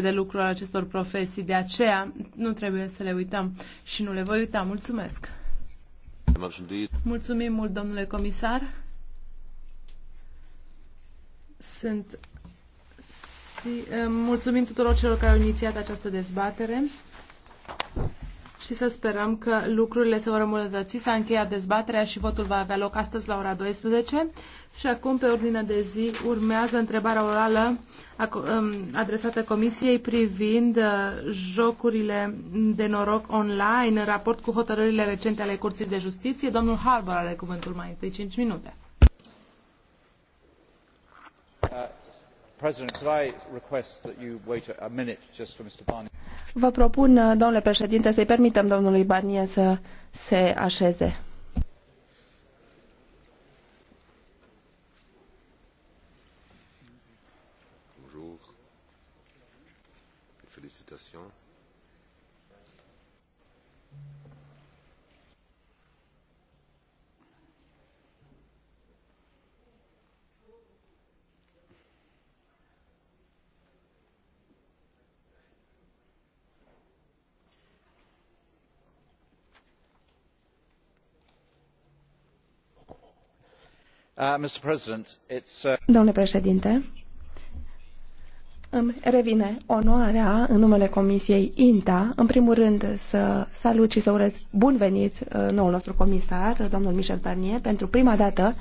de lucru al acestor profesii. De aceea nu trebuie să le uităm și nu le voi uita. Mulțumesc! Mulțumim mult, domnule comisar. Sunt... Mulțumim tuturor celor care au inițiat această dezbatere și să sperăm că lucrurile se vor îmbunătăți. S-a încheiat dezbaterea și votul va avea loc astăzi la ora 12. Și acum, pe ordine de zi, urmează întrebarea orală um, adresată Comisiei privind uh, jocurile de noroc online în raport cu hotărârile recente ale Curții de Justiție. Domnul Harbour are cuvântul mai întâi 5 minute. Vă propun, uh, domnule președinte, să îi permitem domnului Barnier să se așeze. Uh, uh, domnule președinte, îmi revine onoarea în numele Comisiei INTA, în primul rând să salut și să urez bun venit uh, noul nostru comisar, domnul Michel Barnier, pentru prima dată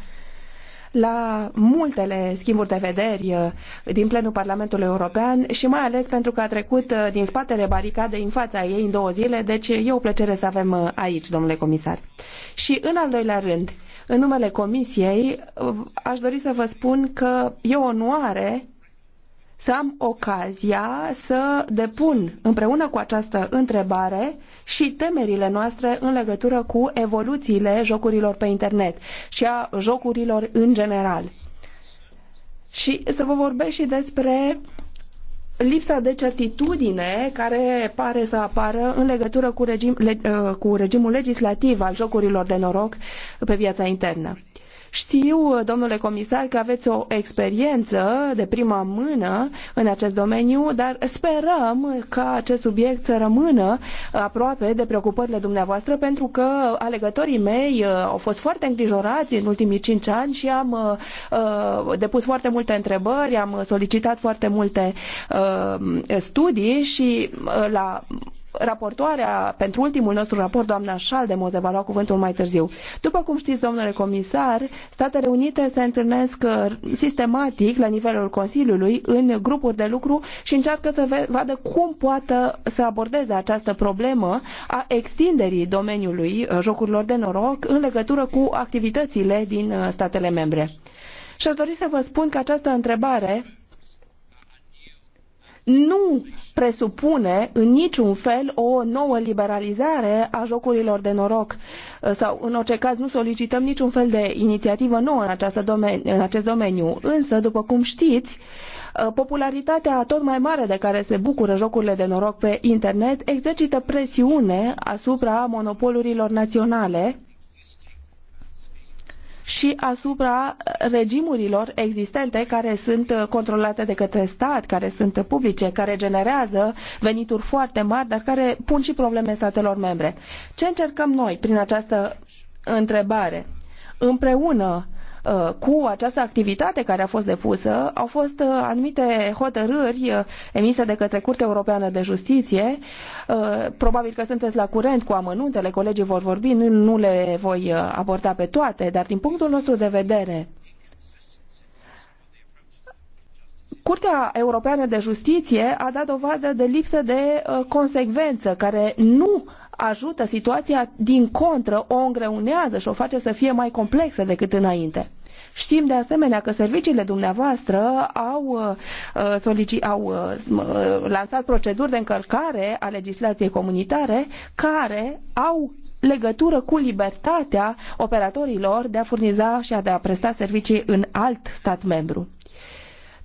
la multele schimburi de vederi din plenul Parlamentului European și mai ales pentru că a trecut din spatele baricadei în fața ei în două zile, deci e o plăcere să avem aici, domnule comisar. Și în al doilea rând, în numele Comisiei, aș dori să vă spun că e o onoare să am ocazia să depun împreună cu această întrebare și temerile noastre în legătură cu evoluțiile jocurilor pe internet și a jocurilor în general. Și să vă vorbesc și despre lipsa de certitudine care pare să apară în legătură cu, regim, le, uh, cu regimul legislativ al jocurilor de noroc pe piața internă. Știu, domnule comisar, că aveți o experiență de prima mână în acest domeniu, dar sperăm ca acest subiect să rămână aproape de preocupările dumneavoastră, pentru că alegătorii mei uh, au fost foarte îngrijorați în ultimii cinci ani și am uh, uh, depus foarte multe întrebări, am solicitat foarte multe studii și la raportoarea pentru ultimul nostru raport, doamna Schaldemose, va lua cuvântul mai târziu. După cum știți, domnule comisar, Statele Unite se întâlnesc uh, sistematic la nivelul Consiliului în grupuri de lucru și încearcă să vadă cum poată să abordeze această problemă a extinderii domeniului uh, jocurilor de noroc în legătură cu activitățile din uh, statele membre. Și aș dori să vă spun că această întrebare nu presupune în niciun fel o nouă liberalizare a jocurilor de noroc uh, sau în orice caz nu solicităm niciun fel de inițiativă nouă în, domen- în acest domeniu. Însă, după cum știți, uh, popularitatea tot mai mare de care se bucură jocurile de noroc pe internet exercită presiune asupra monopolurilor naționale și asupra regimurilor existente care sunt uh, controlate de către stat, care sunt publice, care generează venituri foarte mari, dar care pun și probleme statelor membre. Ce încercăm noi prin această întrebare? Împreună Uh, cu această activitate care a fost depusă au fost uh, anumite hotărâri uh, emise de către Curtea Europeană de Justiție. Probabil că sunteți la curent cu amănuntele, colegii vor vorbi, nu le voi aborda pe toate, dar din punctul nostru de vedere, Curtea Europeană de Justiție a dat dovadă de lipsă de consecvență, care nu ajută situația, din contră o îngreunează și o face să fie mai complexă decât înainte. Știm de asemenea că serviciile dumneavoastră au, uh, uh, solici, au uh, lansat proceduri de încălcare a legislației comunitare care au legătură cu libertatea operatorilor de a furniza și a de a presta servicii în alt stat membru.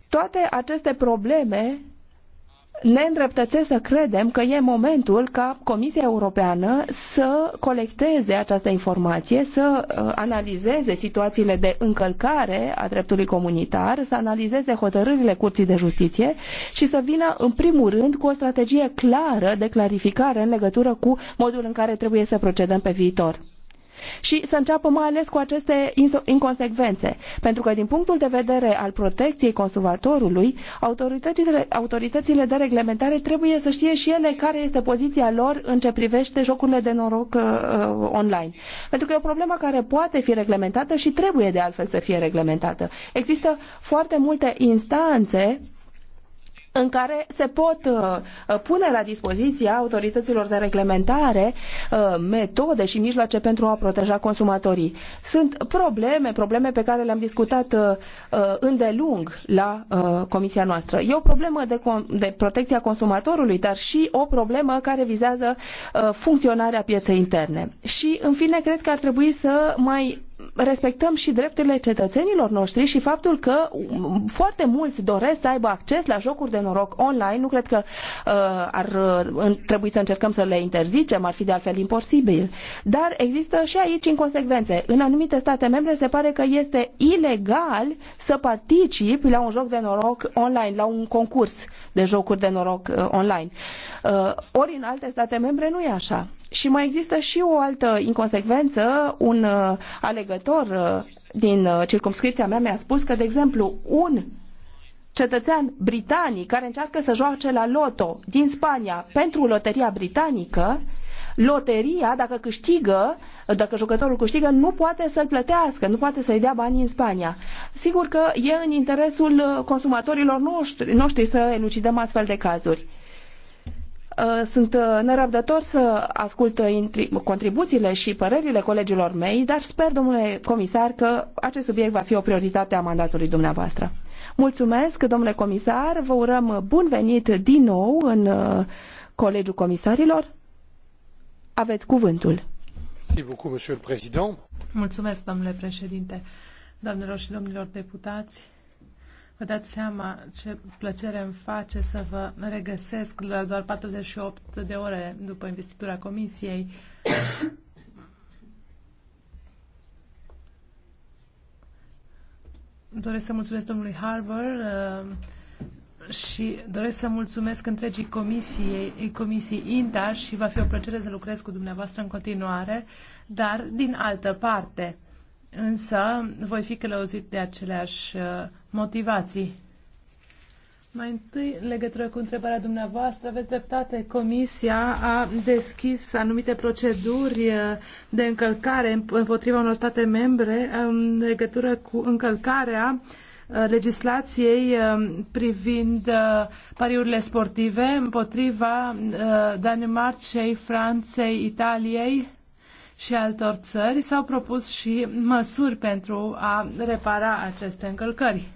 Toate aceste probleme ne îndreptățesc să credem că e momentul ca Comisia Europeană să colecteze această informație, să uh, analizeze situațiile de încălcare a dreptului comunitar, să analizeze hotărârile Curții de Justiție și să vină în primul rând cu o strategie clară de clarificare în legătură cu modul în care trebuie să procedăm pe viitor și să înceapă mai ales cu aceste inconsecvențe. Pentru că din punctul de vedere al protecției consumatorului, autoritățile, autoritățile de reglementare trebuie să știe și ele care este poziția lor în ce privește jocurile de noroc uh, uh online. Pentru că e o problemă care poate fi reglementată și trebuie de altfel să fie reglementată. Există foarte multe instanțe în care se pot uh, uh, pune la dispoziția autorităților de reglementare uh, metode și mijloace pentru a proteja consumatorii. Sunt probleme, probleme pe care le-am discutat îndelung la comisia noastră. E o problemă de, de protecția consumatorului, dar și o problemă care vizează funcționarea pieței interne. Și, în fine, cred că ar trebui să mai respectăm și drepturile cetățenilor noștri și faptul că um, foarte mulți doresc să aibă acces la jocuri de noroc online. Nu cred că uh, ar uh, trebui să încercăm să le interzicem, ar fi de altfel imposibil. Dar există și aici inconsecvențe. În anumite state membre se pare că este ilegal să participi la un joc de noroc online, la un concurs de jocuri de noroc uh, online. Uh, ori în alte state membre nu e așa. Și mai există și o altă inconsecvență. Un uh, alegător din circumscripția mea mi-a spus că, de exemplu, un cetățean britanic care încearcă să joace la loto din Spania pentru loteria britanică, loteria, dacă câștigă, dacă jucătorul câștigă, nu poate să-l plătească, nu poate să-i dea banii în Spania. Sigur că e în interesul uh, consumatorilor noștri, noștri să elucidăm astfel de cazuri. Uh, sunt uh, nerăbdător să ascult contribuțiile și părerile colegilor mei, dar sper, domnule comisar, că acest subiect va fi o prioritate a mandatului dumneavoastră. Mulțumesc, domnule comisar, vă urăm bun venit din nou în Colegiul Comisarilor. Aveți cuvântul. Mulțumesc, domnule președinte, doamnelor și domnilor deputați. Vă dați seama ce plăcere îmi face să vă regăsesc la doar 48 de ore după investitura comisiei. Doresc să mulțumesc domnului Harbour uh, și doresc să mulțumesc întregii comisii, comisii INTA și va fi o plăcere să lucrez cu dumneavoastră în continuare, dar din altă parte. Însă voi fi călăuzit de aceleași uh, motivații. Mai întâi, în legătură cu întrebarea dumneavoastră, aveți dreptate, Comisia a deschis anumite proceduri uh, de încălcare împotriva unor state membre în legătură cu încălcarea uh, Uh, legislației um, privind uh, pariurile sportive împotriva uh, Danemarcei, Franței, Italiei și altor țări s-au propus și măsuri pentru a repara aceste încălcări.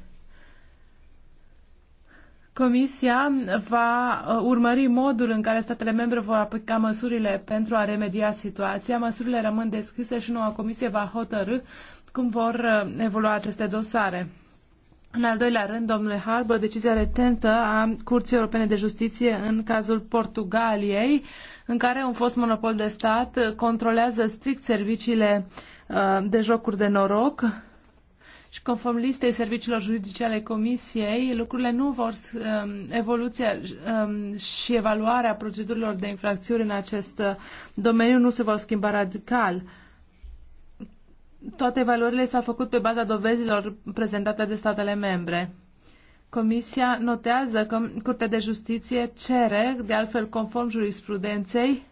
Comisia va urmări modul în care statele membre vor aplica măsurile pentru a remedia situația. Măsurile rămân deschise și noua comisie va hotărâ cum vor evolua aceste dosare. În al doilea rând, domnule Harbour, decizia retentă a Curții Europene de Justiție în cazul Portugaliei, în care un fost monopol de stat controlează strict serviciile uh, de jocuri de noroc și conform listei serviciilor juridice ale Comisiei, lucrurile nu vor um, evoluția um, și evaluarea procedurilor de infracțiuni în acest uh, domeniu nu se vor schimba radical. Toate evaluările s-au făcut pe baza dovezilor prezentate de statele membre. Comisia notează că Curtea de Justiție cere, de altfel conform jurisprudenței,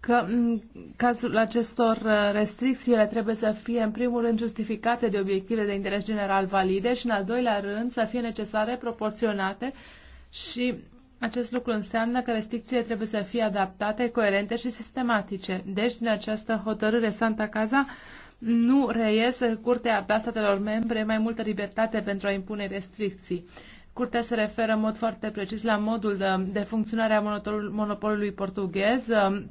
că în cazul acestor uh, restricții ele trebuie să fie în primul rând justificate de obiective de interes general valide și în al doilea rând să fie necesare, proporționate și acest lucru înseamnă că restricțiile trebuie să fie adaptate, coerente și sistematice. Deci, din această hotărâre Santa Casa, nu reiese Curtea da statelor membre mai multă libertate pentru a impune restricții. Curtea se referă în mod foarte precis la modul de, de funcționare a monopolului portughez, um,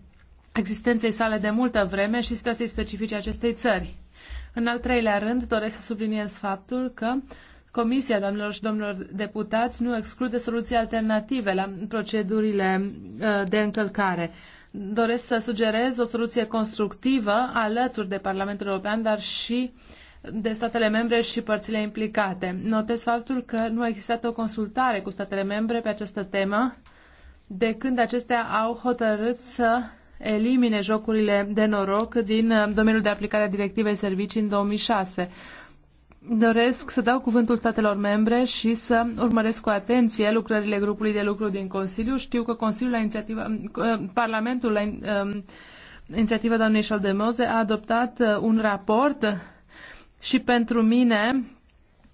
existenței sale de multă vreme și situației specifice acestei țări. În al treilea rând, doresc să subliniez faptul că Comisia, doamnelor și domnilor deputați, nu exclude soluții alternative la procedurile uh, de încălcare doresc să sugerez o soluție constructivă alături de Parlamentul European, dar și de statele membre și părțile implicate. Notez faptul că nu a existat o consultare cu statele membre pe această temă de când acestea au hotărât să elimine jocurile de noroc din domeniul de aplicare a directivei servicii în 2006 doresc să dau cuvântul statelor membre și să urmăresc cu atenție lucrările grupului de lucru din Consiliu. Știu că Consiliul la inițiativa, uh, Parlamentul la um, inițiativa doamnei Șaldemoze a adoptat uh, un raport și pentru mine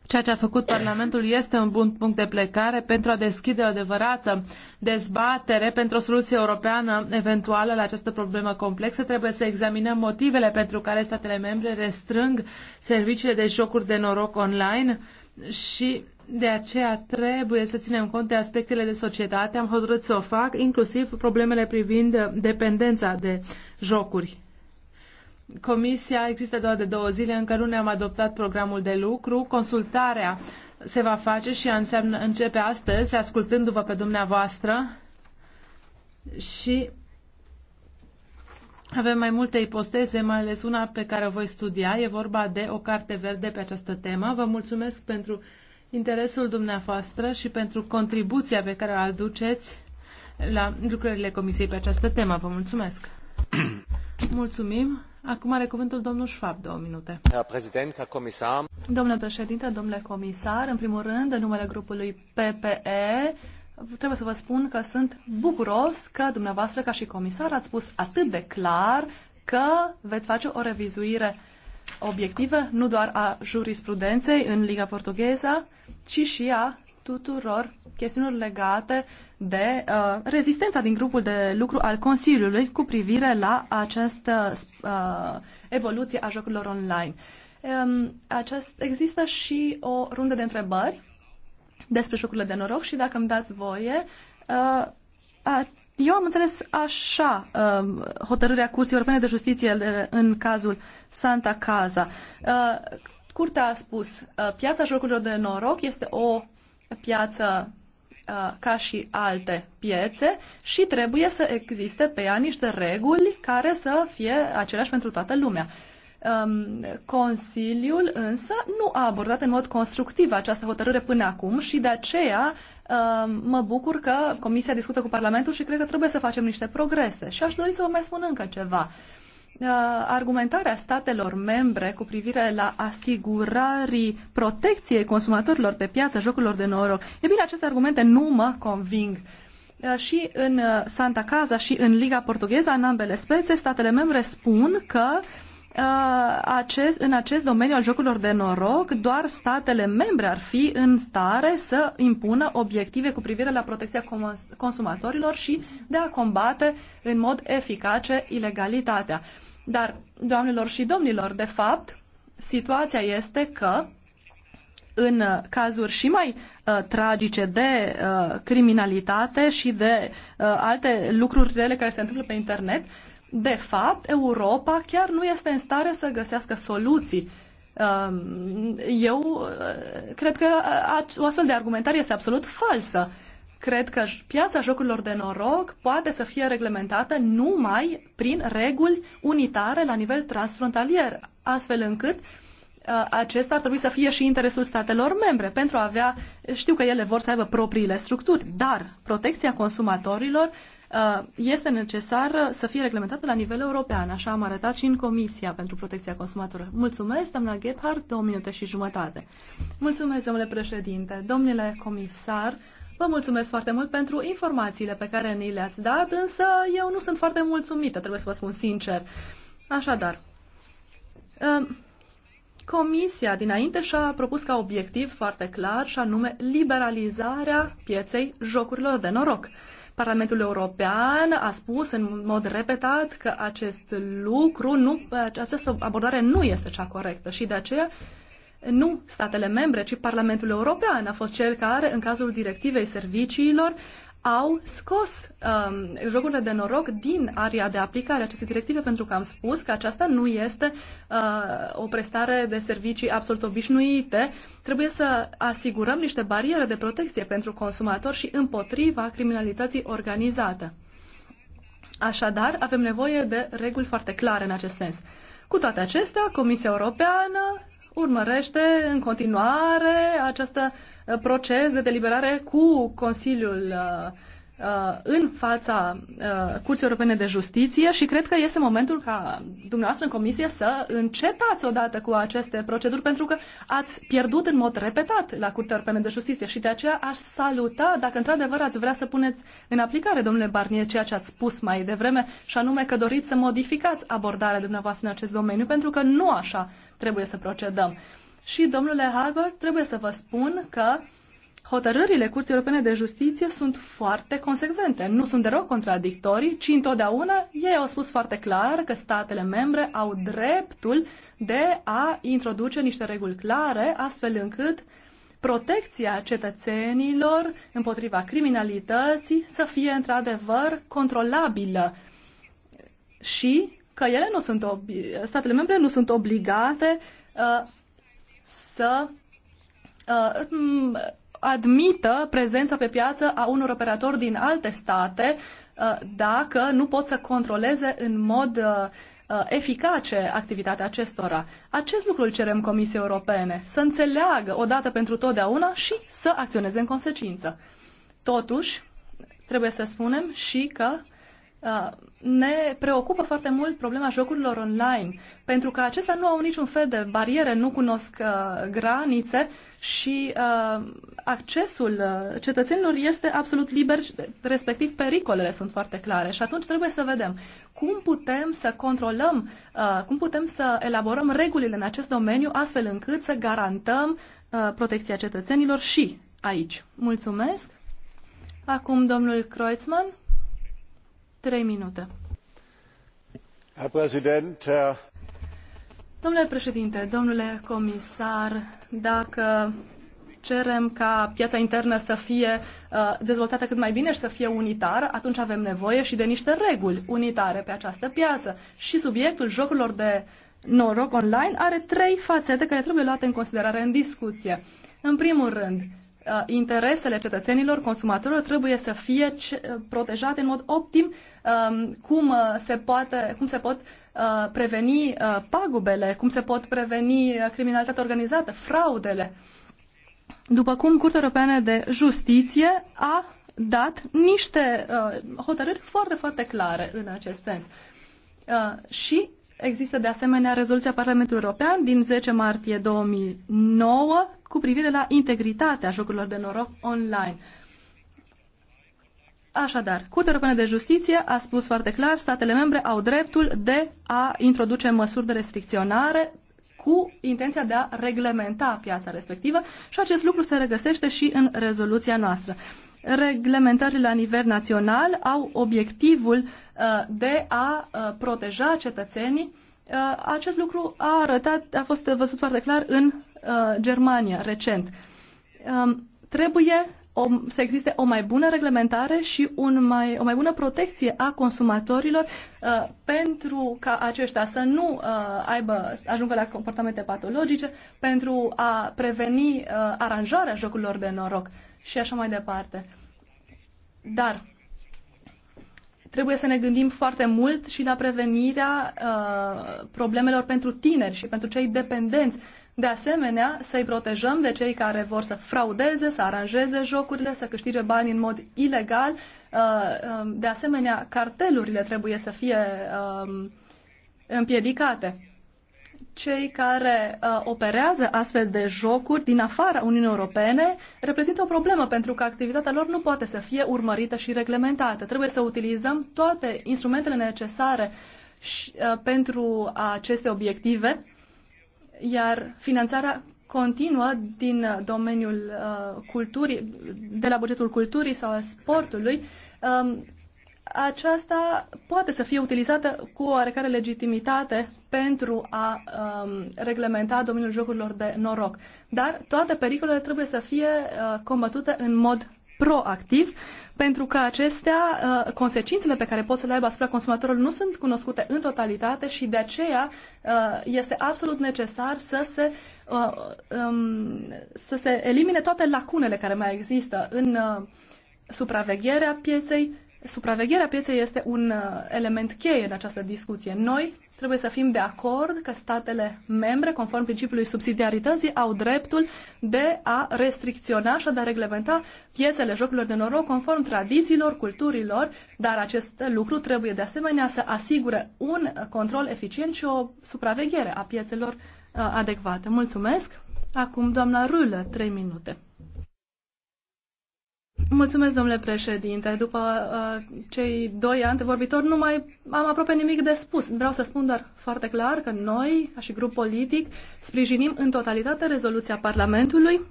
Ceea ce a făcut Parlamentul este un bun punct de plecare pentru a deschide o adevărată dezbatere pentru o soluție europeană eventuală la această problemă complexă. Trebuie să examinăm motivele pentru care statele membre restrâng serviciile de jocuri de noroc online și de aceea trebuie să ținem cont de aspectele de societate. Am hotărât să o fac, inclusiv problemele privind dependența de jocuri. Comisia există doar de două zile, încă nu ne-am adoptat programul de lucru. Consultarea se va face și înseamnă, începe astăzi, ascultându-vă pe dumneavoastră. Și avem mai multe ipoteze, mai ales una pe care o voi studia. E vorba de o carte verde pe această temă. Vă mulțumesc pentru interesul dumneavoastră și pentru contribuția pe care o aduceți la lucrările Comisiei pe această temă. Vă mulțumesc! Mulțumim! Acum are cuvântul domnul Schwab, două minute. Comisar. Domnule președinte, domnule comisar, în primul rând, în numele grupului PPE, trebuie să vă spun că sunt bucuros că dumneavoastră, ca și comisar, ați spus atât de clar că veți face o revizuire obiectivă, nu doar a jurisprudenței în Liga Portugheză, ci și a tuturor chestiunilor legate de uh, rezistența din grupul de lucru al Consiliului cu privire la această uh, evoluție a jocurilor online. Um, acest, există și o rundă de întrebări despre jocurile de noroc și dacă îmi dați voie, uh, a, eu am înțeles așa uh, hotărârea Curții Europene de Justiție de, în cazul Santa Casa. Uh, Curtea a spus, uh, piața jocurilor de noroc este o piață ca și alte piețe și trebuie să existe pe ea niște reguli care să fie aceleași pentru toată lumea. Consiliul însă nu a abordat în mod constructiv această hotărâre până acum și de aceea mă bucur că Comisia discută cu Parlamentul și cred că trebuie să facem niște progrese. Și aș dori să vă mai spun încă ceva. Uh, argumentarea statelor membre cu privire la asigurarii protecției consumatorilor pe piața jocurilor de noroc. E bine, aceste argumente nu mă conving. Uh, și în uh, Santa Casa și în Liga Portugheză, în ambele spețe, statele membre spun că acest, în acest domeniu al jocurilor de noroc, doar statele membre ar fi în stare să impună obiective cu privire la protecția consumatorilor și de a combate în mod eficace ilegalitatea. Dar, doamnelor și domnilor, de fapt, situația este că în cazuri și mai uh, tragice de uh, criminalitate și de uh, alte lucruri rele care se întâmplă pe internet, de fapt, Europa chiar nu este în stare să găsească soluții. Uh, eu uh, cred că uh, o astfel de argumentare este absolut falsă. Uh, Cred că piața jocurilor de noroc poate să fie reglementată numai prin reguli unitare la nivel transfrontalier, astfel încât uh, acesta ar trebui să fie și interesul statelor membre pentru a avea, știu că ele vor să aibă propriile structuri, dar protecția consumatorilor uh, este necesar să fie reglementată la nivel european. Așa am arătat și în Comisia pentru Protecția Consumatorilor. Mulțumesc, doamna Gebhardt, două minute și jumătate. Mulțumesc, domnule președinte, domnule comisar. Vă mulțumesc foarte mult pentru informațiile pe care ni le-ați dat, însă eu nu sunt foarte mulțumită, trebuie să vă spun sincer. Așadar, um, Comisia dinainte și-a propus ca obiectiv foarte clar și anume liberalizarea pieței jocurilor de noroc. Parlamentul European a spus în mod repetat că acest lucru, nu, această abordare nu este cea corectă și de aceea nu statele membre, ci Parlamentul European a fost cel care, în cazul directivei serviciilor, au scos um, jocurile de noroc din area de aplicare a acestei directive pentru că am spus că aceasta nu este uh, o prestare de servicii absolut obișnuite. Trebuie să asigurăm niște bariere de protecție pentru consumatori și împotriva criminalității organizată. Așadar, avem nevoie de reguli foarte clare în acest sens. Cu toate acestea, Comisia Europeană urmărește în continuare acest uh, proces de deliberare cu Consiliul uh, Uh, în fața uh, Curții Europene de Justiție și cred că este momentul ca dumneavoastră în comisie să încetați odată cu aceste proceduri pentru că ați pierdut în mod repetat la Curtea Europene de Justiție și de aceea aș saluta dacă într-adevăr ați vrea să puneți în aplicare, domnule Barnier, ceea ce ați spus mai devreme și anume că doriți să modificați abordarea dumneavoastră în acest domeniu pentru că nu așa trebuie să procedăm. Și, domnule Harbour, trebuie să vă spun că uh, hotărârile Curții Europene de Justiție sunt foarte consecvente, nu sunt deloc contradictorii, ci întotdeauna ei au spus foarte clar că statele membre au dreptul de a introduce niște reguli clare, astfel încât protecția cetățenilor împotriva criminalității să fie într-adevăr controlabilă și că ele nu sunt statele membre nu sunt obligate uh, să uh, admită prezența pe piață a unor operatori din alte state uh, dacă nu pot să controleze în mod uh, uh, eficace activitatea acestora. Acest lucru îl cerem Comisiei Europene, să înțeleagă odată pentru totdeauna și să acționeze în consecință. Totuși, trebuie să spunem și că Uh, ne preocupă foarte mult problema jocurilor online, pentru că acestea nu au niciun fel de bariere, nu cunosc uh, granițe și uh, accesul uh, cetățenilor este absolut liber, respectiv pericolele sunt foarte clare. Și atunci trebuie să vedem cum putem să controlăm, uh, cum putem să elaborăm regulile în acest domeniu, astfel încât să garantăm uh, protecția cetățenilor și aici. Mulțumesc! Acum domnul Kreutzmann herr präsident Herr Domnule președinte, domnule comisar, dacă cerem ca piața internă să fie uh, dezvoltată cât mai bine și să fie unitară, atunci avem nevoie și de niște reguli unitare pe această piață. Și subiectul jocurilor de noroc online are trei fațete care trebuie luate în considerare în discuție. În primul rând, Uh, interesele cetățenilor, consumatorilor, trebuie să fie uh, protejate în mod optim um, cum uh, se, poate, cum se pot preveni pagubele, cum se pot preveni criminalitatea organizată, fraudele. După cum Curtea Europeană de Justiție a dat niște hotărâri foarte, foarte clare în acest sens. Și Există de asemenea rezoluția Parlamentului European din 10 martie 2009 cu privire la integritatea jocurilor de noroc online. Așadar, Curtea Europeană de Justiție a spus foarte clar, statele membre au dreptul de a introduce măsuri de restricționare cu intenția de a reglementa piața respectivă și acest lucru se regăsește și în rezoluția noastră. Reglementările la nivel național au obiectivul uh, de a uh, proteja cetățenii. Uh, acest lucru a arătat, a fost văzut foarte clar în Germania recent. Um, trebuie o, să existe o mai bună reglementare și un mai, o mai bună protecție a consumatorilor uh, pentru ca aceștia să nu uh, aibă, ajungă la comportamente patologice, pentru a preveni uh, aranjarea jocurilor de noroc și așa mai departe. Dar trebuie să ne gândim foarte mult și la prevenirea uh, problemelor pentru tineri și pentru cei dependenți. De asemenea, să-i protejăm de cei care vor să fraudeze, să aranjeze jocurile, să câștige bani în mod ilegal. Uh, uh, de asemenea, cartelurile trebuie să fie uh, împiedicate cei care uh, operează astfel de jocuri din afara Uniunii Europene reprezintă o problemă pentru că activitatea lor nu poate să fie urmărită și reglementată. Trebuie să utilizăm toate instrumentele necesare și, uh, pentru aceste obiective, iar finanțarea continuă din domeniul uh, culturii, de la bugetul culturii sau al sportului, um, aceasta poate să fie utilizată cu oarecare legitimitate pentru a um, reglementa domeniul jocurilor de noroc. Dar toate pericolele trebuie să fie uh, combătute în mod proactiv, pentru că acestea, uh, consecințele pe care pot să le aibă asupra consumatorului nu sunt cunoscute în totalitate și de aceea uh, este absolut necesar să se uh, um, să se elimine toate lacunele care mai există în supravegherea pieței, supravegherea pieței este un uh, element cheie în această discuție. Noi trebuie să fim de acord că statele membre, conform principiului subsidiarității, au dreptul de a restricționa și de a reglementa piețele jocurilor de noroc conform tradițiilor, culturilor, dar acest lucru trebuie de asemenea să asigure un control eficient și o supraveghere a piețelor uh, adecvate. Mulțumesc! Acum, doamna Rulă, trei minute. Mulțumesc, domnule președinte. După uh, cei doi antevorbitori, nu mai am aproape nimic de spus. Vreau să spun doar foarte clar că noi, ca și grup politic, sprijinim în totalitate rezoluția Parlamentului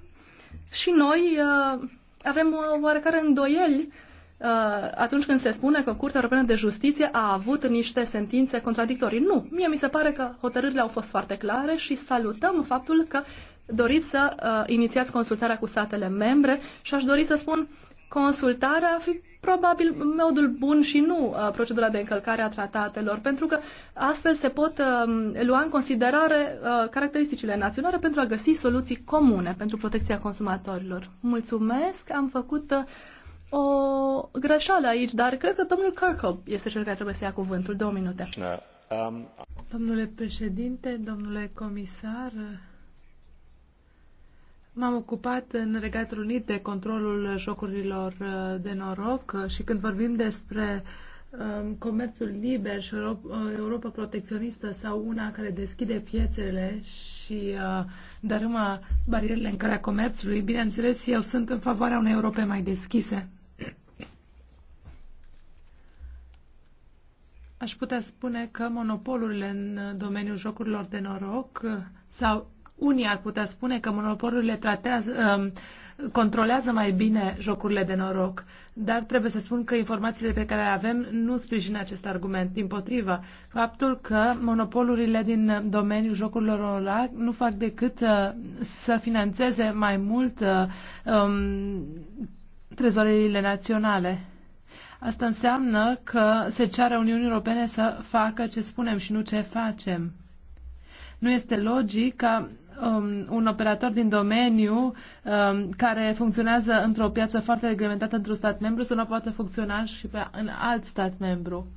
și noi uh, avem oarecare îndoieli uh, atunci când se spune că Curtea Europeană de Justiție a avut niște sentințe contradictorii. Nu, mie mi se pare că hotărârile au fost foarte clare și salutăm faptul că doriți să uh, inițiați consultarea cu statele membre și aș dori să spun consultarea ar fi probabil modul bun și nu uh, procedura de încălcare a tratatelor, pentru că astfel se pot uh, lua în considerare uh, caracteristicile naționale pentru a găsi soluții comune pentru protecția consumatorilor. Mulțumesc, am făcut uh, o greșeală aici, dar cred că domnul Kirkhope este cel care trebuie să ia cuvântul. Două minute. No. Da, um... Domnule președinte, domnule comisar, M-am ocupat în Regatul Unit de controlul jocurilor uh, de noroc uh, și când vorbim despre um, comerțul liber și uh, Europa protecționistă sau una care deschide piețele și dărâmă barierele în calea comerțului, bineînțeles, eu sunt în favoarea unei Europe mai deschise. Aș putea spune că monopolurile în domeniul jocurilor de noroc sau unii ar putea spune că monopolurile tratează, um, controlează mai bine jocurile de noroc, dar trebuie să spun că informațiile pe care le avem nu sprijină acest argument. Din potrivă, faptul că monopolurile din domeniul jocurilor online nu fac decât uh, să financeze mai mult uh, um, trezoreriile naționale. Asta înseamnă că se ceară Uniunii Europene să facă ce spunem și nu ce facem. Nu este logic ca um, un operator din domeniu um, care funcționează într-o piață foarte reglementată într-un stat membru să nu poată funcționa și pe, în alt stat membru.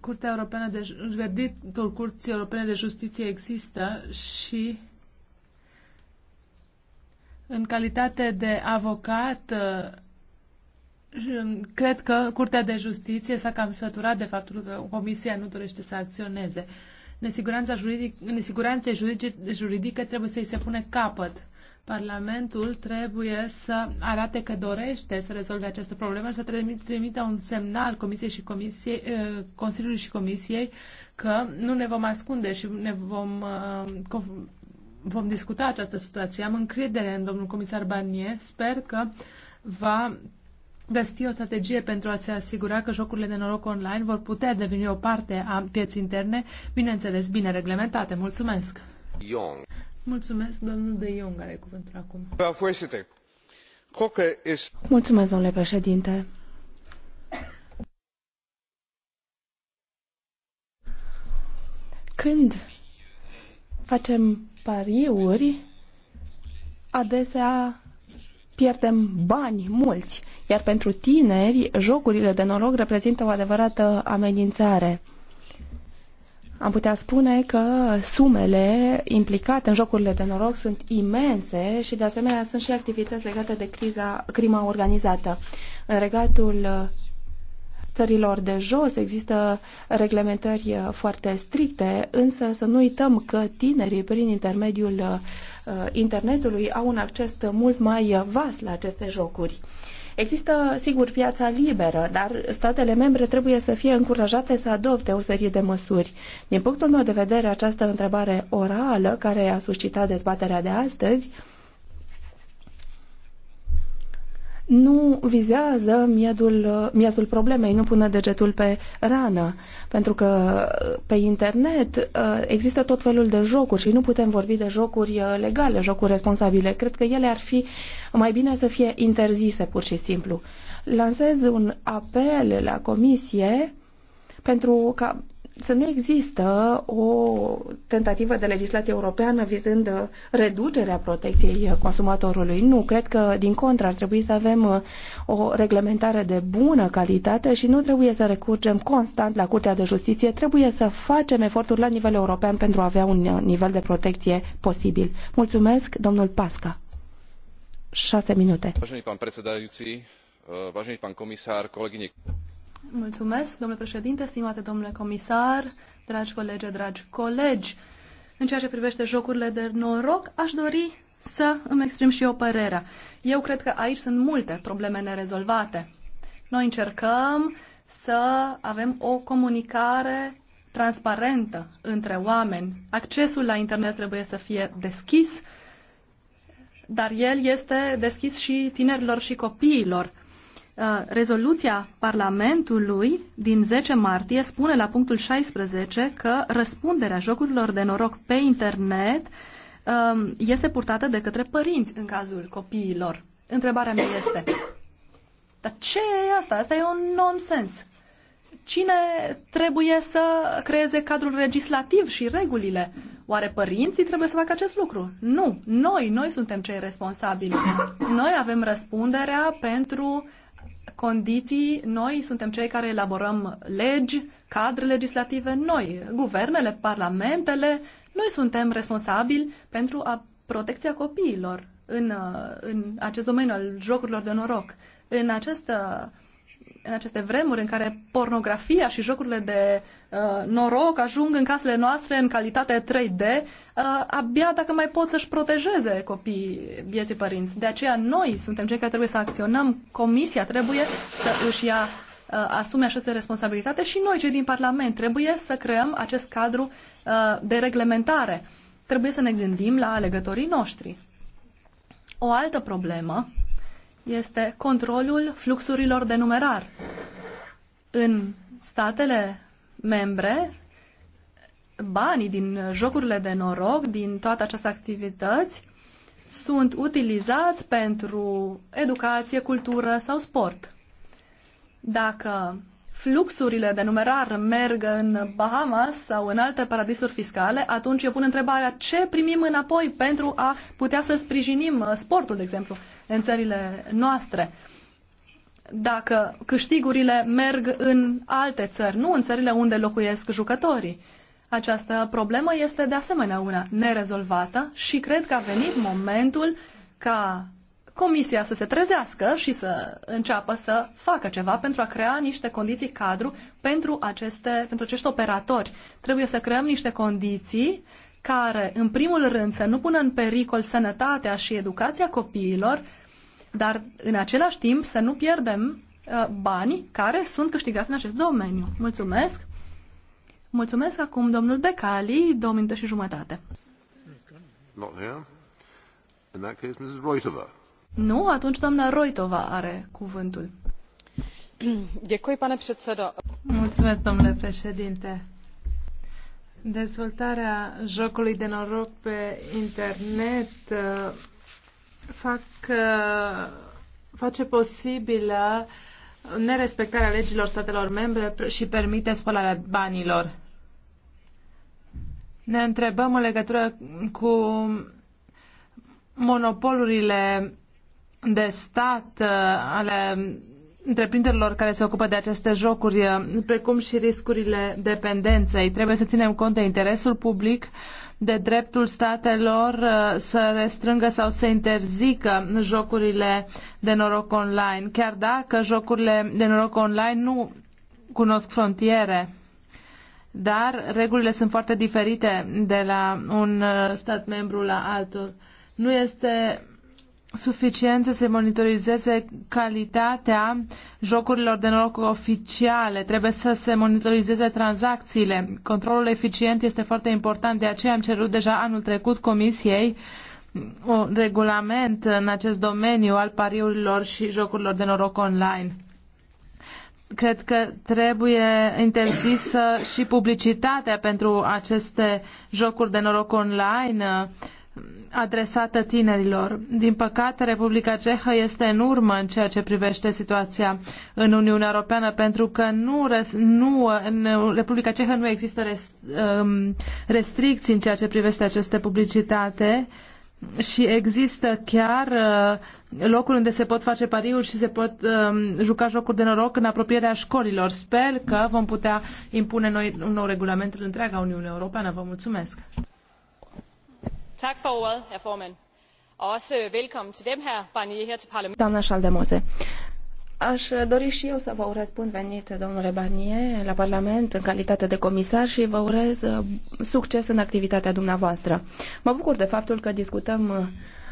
Curtea Europeană de verditul Curții Europene de Justiție există și în calitate de avocat uh, cred că Curtea de Justiție s-a cam săturat de faptul că Comisia nu dorește să acționeze nesiguranța juridic, nesiguranței juridice, juridică trebuie să-i se pune capăt. Parlamentul trebuie să arate că dorește să rezolve această problemă și să trimită un semnal Comisiei și Comisiei, eh, Consiliului și Comisiei că nu ne vom ascunde și ne vom, eh, vom discuta această situație. Am încredere în domnul comisar Barnier. Sper că va găsi o strategie pentru a se asigura că jocurile de noroc online vor putea deveni o parte a pieții interne, bineînțeles, bine reglementate. Mulțumesc! Young. Mulțumesc, domnul De Jong are cuvântul acum. Mulțumesc, domnule președinte. Când facem pariuri, adesea pierdem bani mulți, iar pentru tineri, jocurile de noroc reprezintă o adevărată amenințare. Am putea spune că sumele implicate în jocurile de noroc sunt imense și de asemenea sunt și activități legate de criza, crima organizată. În regatul țărilor de jos există reglementări uh, foarte stricte, însă să nu uităm că tinerii prin intermediul uh, internetului au un acces mult mai vast la aceste jocuri. Există, sigur, piața liberă, dar statele membre trebuie să fie încurajate să adopte o serie de măsuri. Din punctul meu de vedere, această întrebare orală, care a suscitat dezbaterea de astăzi, nu vizează miedul, miezul problemei, nu pune degetul pe rană, pentru că pe internet uh, există tot felul de jocuri și nu putem vorbi de jocuri uh, legale, jocuri responsabile. Cred că ele ar fi mai bine să fie interzise pur și simplu. Lansez un apel la comisie pentru ca să nu există o tentativă de legislație europeană vizând reducerea protecției consumatorului. Nu, cred că din contră ar trebui să avem uh, o reglementare de bună calitate și nu trebuie să recurgem constant la Curtea de Justiție. Trebuie să facem eforturi la nivel european pentru a avea un uh, nivel de protecție posibil. Mulțumesc, domnul Pasca. Șase minute. Vážený pán predsedajúci, uh, vážený pán komisár, kolegyne. Mulțumesc, domnule președinte, stimate domnule comisar, dragi colegi, dragi colegi. În ceea ce privește jocurile de noroc, aș dori să îmi exprim și eu părerea. Eu cred că aici sunt multe probleme nerezolvate. Noi încercăm să avem o comunicare transparentă între oameni. Accesul la internet trebuie să fie deschis, dar el este deschis și tinerilor și copiilor. Uh, rezoluția Parlamentului din 10 martie spune la punctul 16 că răspunderea jocurilor de noroc pe internet um, este purtată de către părinți în cazul copiilor. Întrebarea mea este, dar ce e asta? Asta e un nonsens. Cine trebuie să creeze cadrul legislativ și regulile? Oare părinții trebuie să facă acest lucru? Nu, noi, noi suntem cei responsabili. Noi avem răspunderea pentru condiții, noi suntem cei care elaborăm legi, cadre legislative, noi, guvernele, parlamentele, noi suntem responsabili pentru a protecția copiilor în, uh, în acest domeniu al jocurilor de noroc. În acest uh, în aceste vremuri în care pornografia și jocurile de uh, noroc ajung în casele noastre în calitate 3D, uh, abia dacă mai pot să-și protejeze copiii, vieții părinți. De aceea noi suntem cei care trebuie să acționăm, comisia trebuie să își ia uh, asume această responsabilitate și noi, cei din Parlament, trebuie să creăm acest cadru uh, de reglementare. Trebuie să ne gândim la alegătorii noștri. O altă problemă este controlul fluxurilor de numerar. În statele membre, banii din jocurile de noroc, din toate aceste activități, sunt utilizați pentru educație, cultură sau sport. Dacă fluxurile de numerar merg în Bahamas sau în alte paradisuri fiscale, atunci eu pun întrebarea ce primim înapoi pentru a putea să sprijinim sportul, de exemplu în țările noastre. Dacă câștigurile merg în alte țări, nu în țările unde locuiesc jucătorii. Această problemă este de asemenea una nerezolvată și cred că a venit momentul ca Comisia să se trezească și să înceapă să facă ceva pentru a crea niște condiții cadru pentru, aceste, pentru acești operatori. Trebuie să creăm niște condiții care, în primul rând, să nu pună în pericol sănătatea și educația copiilor, dar în același timp să nu pierdem uh, bani care sunt câștigați în acest domeniu. Mulțumesc! Mulțumesc acum domnul Becali, două minute și jumătate. Not here. In that case, Mrs. Nu, atunci doamna Roitova are cuvântul. Děkuji, pane předsedo. Mulțumesc, domnule președinte. Dezvoltarea jocului de noroc pe internet uh, fac, uh, face posibilă nerespectarea legilor statelor membre și permite spălarea banilor. Ne întrebăm în legătură cu monopolurile de stat uh, ale întreprinderilor care se ocupă de aceste jocuri, eh, precum și riscurile dependenței. Trebuie să ținem cont de interesul public, de dreptul statelor eh, să restrângă sau să interzică jocurile de noroc online, chiar dacă jocurile de noroc online nu cunosc frontiere. Dar regulile sunt foarte diferite de la un eh, stat membru la altul. Nu este suficient să se monitorizeze calitatea jocurilor de noroc oficiale, trebuie să se monitorizeze tranzacțiile. Controlul eficient este foarte important, de aceea am cerut deja anul trecut Comisiei un regulament în acest domeniu al pariurilor și jocurilor de noroc online. Cred că trebuie interzisă și publicitatea pentru aceste jocuri de noroc online. Uh, adresată tinerilor. Din păcate, Republica Cehă este în urmă în ceea ce privește situația în Uniunea Europeană, pentru că nu, nu în Republica Cehă nu există um, restricții în ceea ce privește aceste publicitate și există chiar uh, locuri unde se pot face pariuri și se pot um, juca jocuri de noroc în apropierea școlilor. Sper că vom putea impune noi un nou regulament în întreaga Uniune Europeană. Vă mulțumesc! Tak for ordet, herr formand. Og også øh, velkommen til dem, Barnier, her til parlamentet. Doamna Schaldemose, Aș uh, dori și eu să vă urez bun venit, domnule Barnier, la Parlament în calitate de comisar și vă urez uh, succes în activitatea dumneavoastră. Mă bucur de faptul că discutăm uh,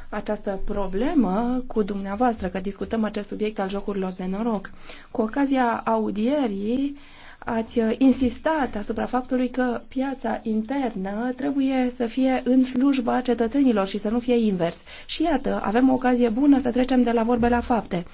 această problemă cu dumneavoastră, că discutăm acest subiect al jocurilor de noroc. Cu ocazia audierii ați uh, insistat asupra faptului că piața internă trebuie să fie în slujba cetățenilor și să nu fie invers. Și iată, avem o ocazie bună să trecem de la vorbe la fapte.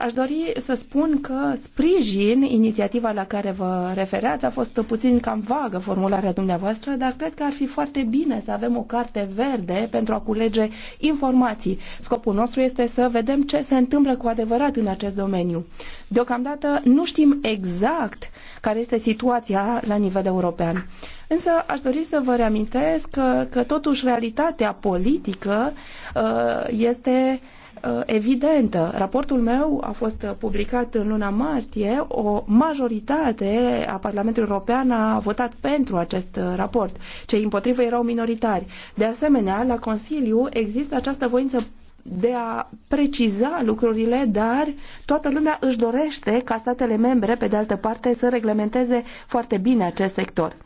Aș dori să spun că sprijin inițiativa la care vă referați. A fost puțin cam vagă formularea dumneavoastră, dar cred că ar fi foarte bine să avem o carte verde pentru a culege informații. Scopul nostru este să vedem ce se întâmplă cu adevărat în acest domeniu. Deocamdată nu știm exact care este situația la nivel european. Însă aș dori să vă reamintesc că, că totuși realitatea politică uh, este Uh, evidentă. Raportul meu a fost publicat în luna martie. O majoritate a Parlamentului European a votat pentru acest uh, raport. Cei împotrivă erau minoritari. De asemenea, la Consiliu există această voință de a preciza lucrurile, dar toată lumea își dorește ca statele membre, pe de altă parte, să reglementeze foarte bine acest sector.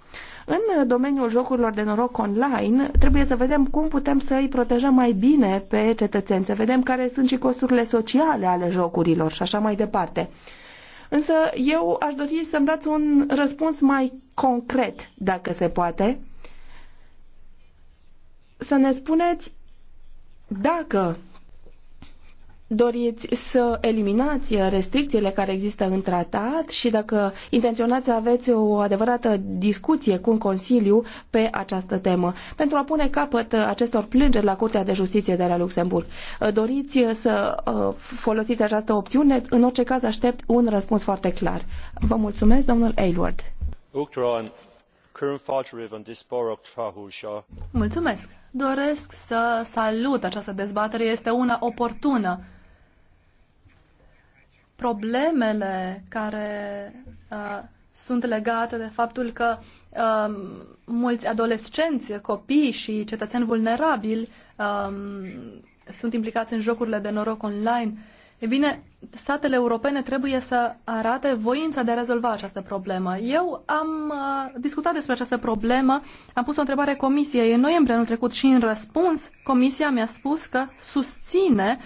În domeniul jocurilor de noroc online, trebuie să vedem cum putem să îi protejăm mai bine pe cetățeni, să vedem care sunt și costurile sociale ale jocurilor și așa mai departe. Însă eu aș dori să-mi dați un răspuns mai concret, dacă se poate, să ne spuneți dacă doriți să eliminați restricțiile care există în tratat și dacă intenționați să aveți o adevărată discuție cu un Consiliu pe această temă pentru a pune capăt acestor plângeri la Curtea de Justiție de la Luxemburg. Doriți să uh, folosiți această opțiune? În orice caz aștept un răspuns foarte clar. Vă mulțumesc, domnul Aylward. Mulțumesc! Doresc să salut această dezbatere. Este una oportună problemele care uh, sunt legate de faptul că um, uh, mulți adolescenți, copii și cetățeni vulnerabili um, uh, sunt implicați în jocurile de noroc online. E bine, statele europene trebuie să arate voința de a rezolva această problemă. Eu am uh, discutat despre această problemă, am pus o întrebare comisiei în noiembrie anul trecut și în răspuns comisia mi-a spus că susține uh,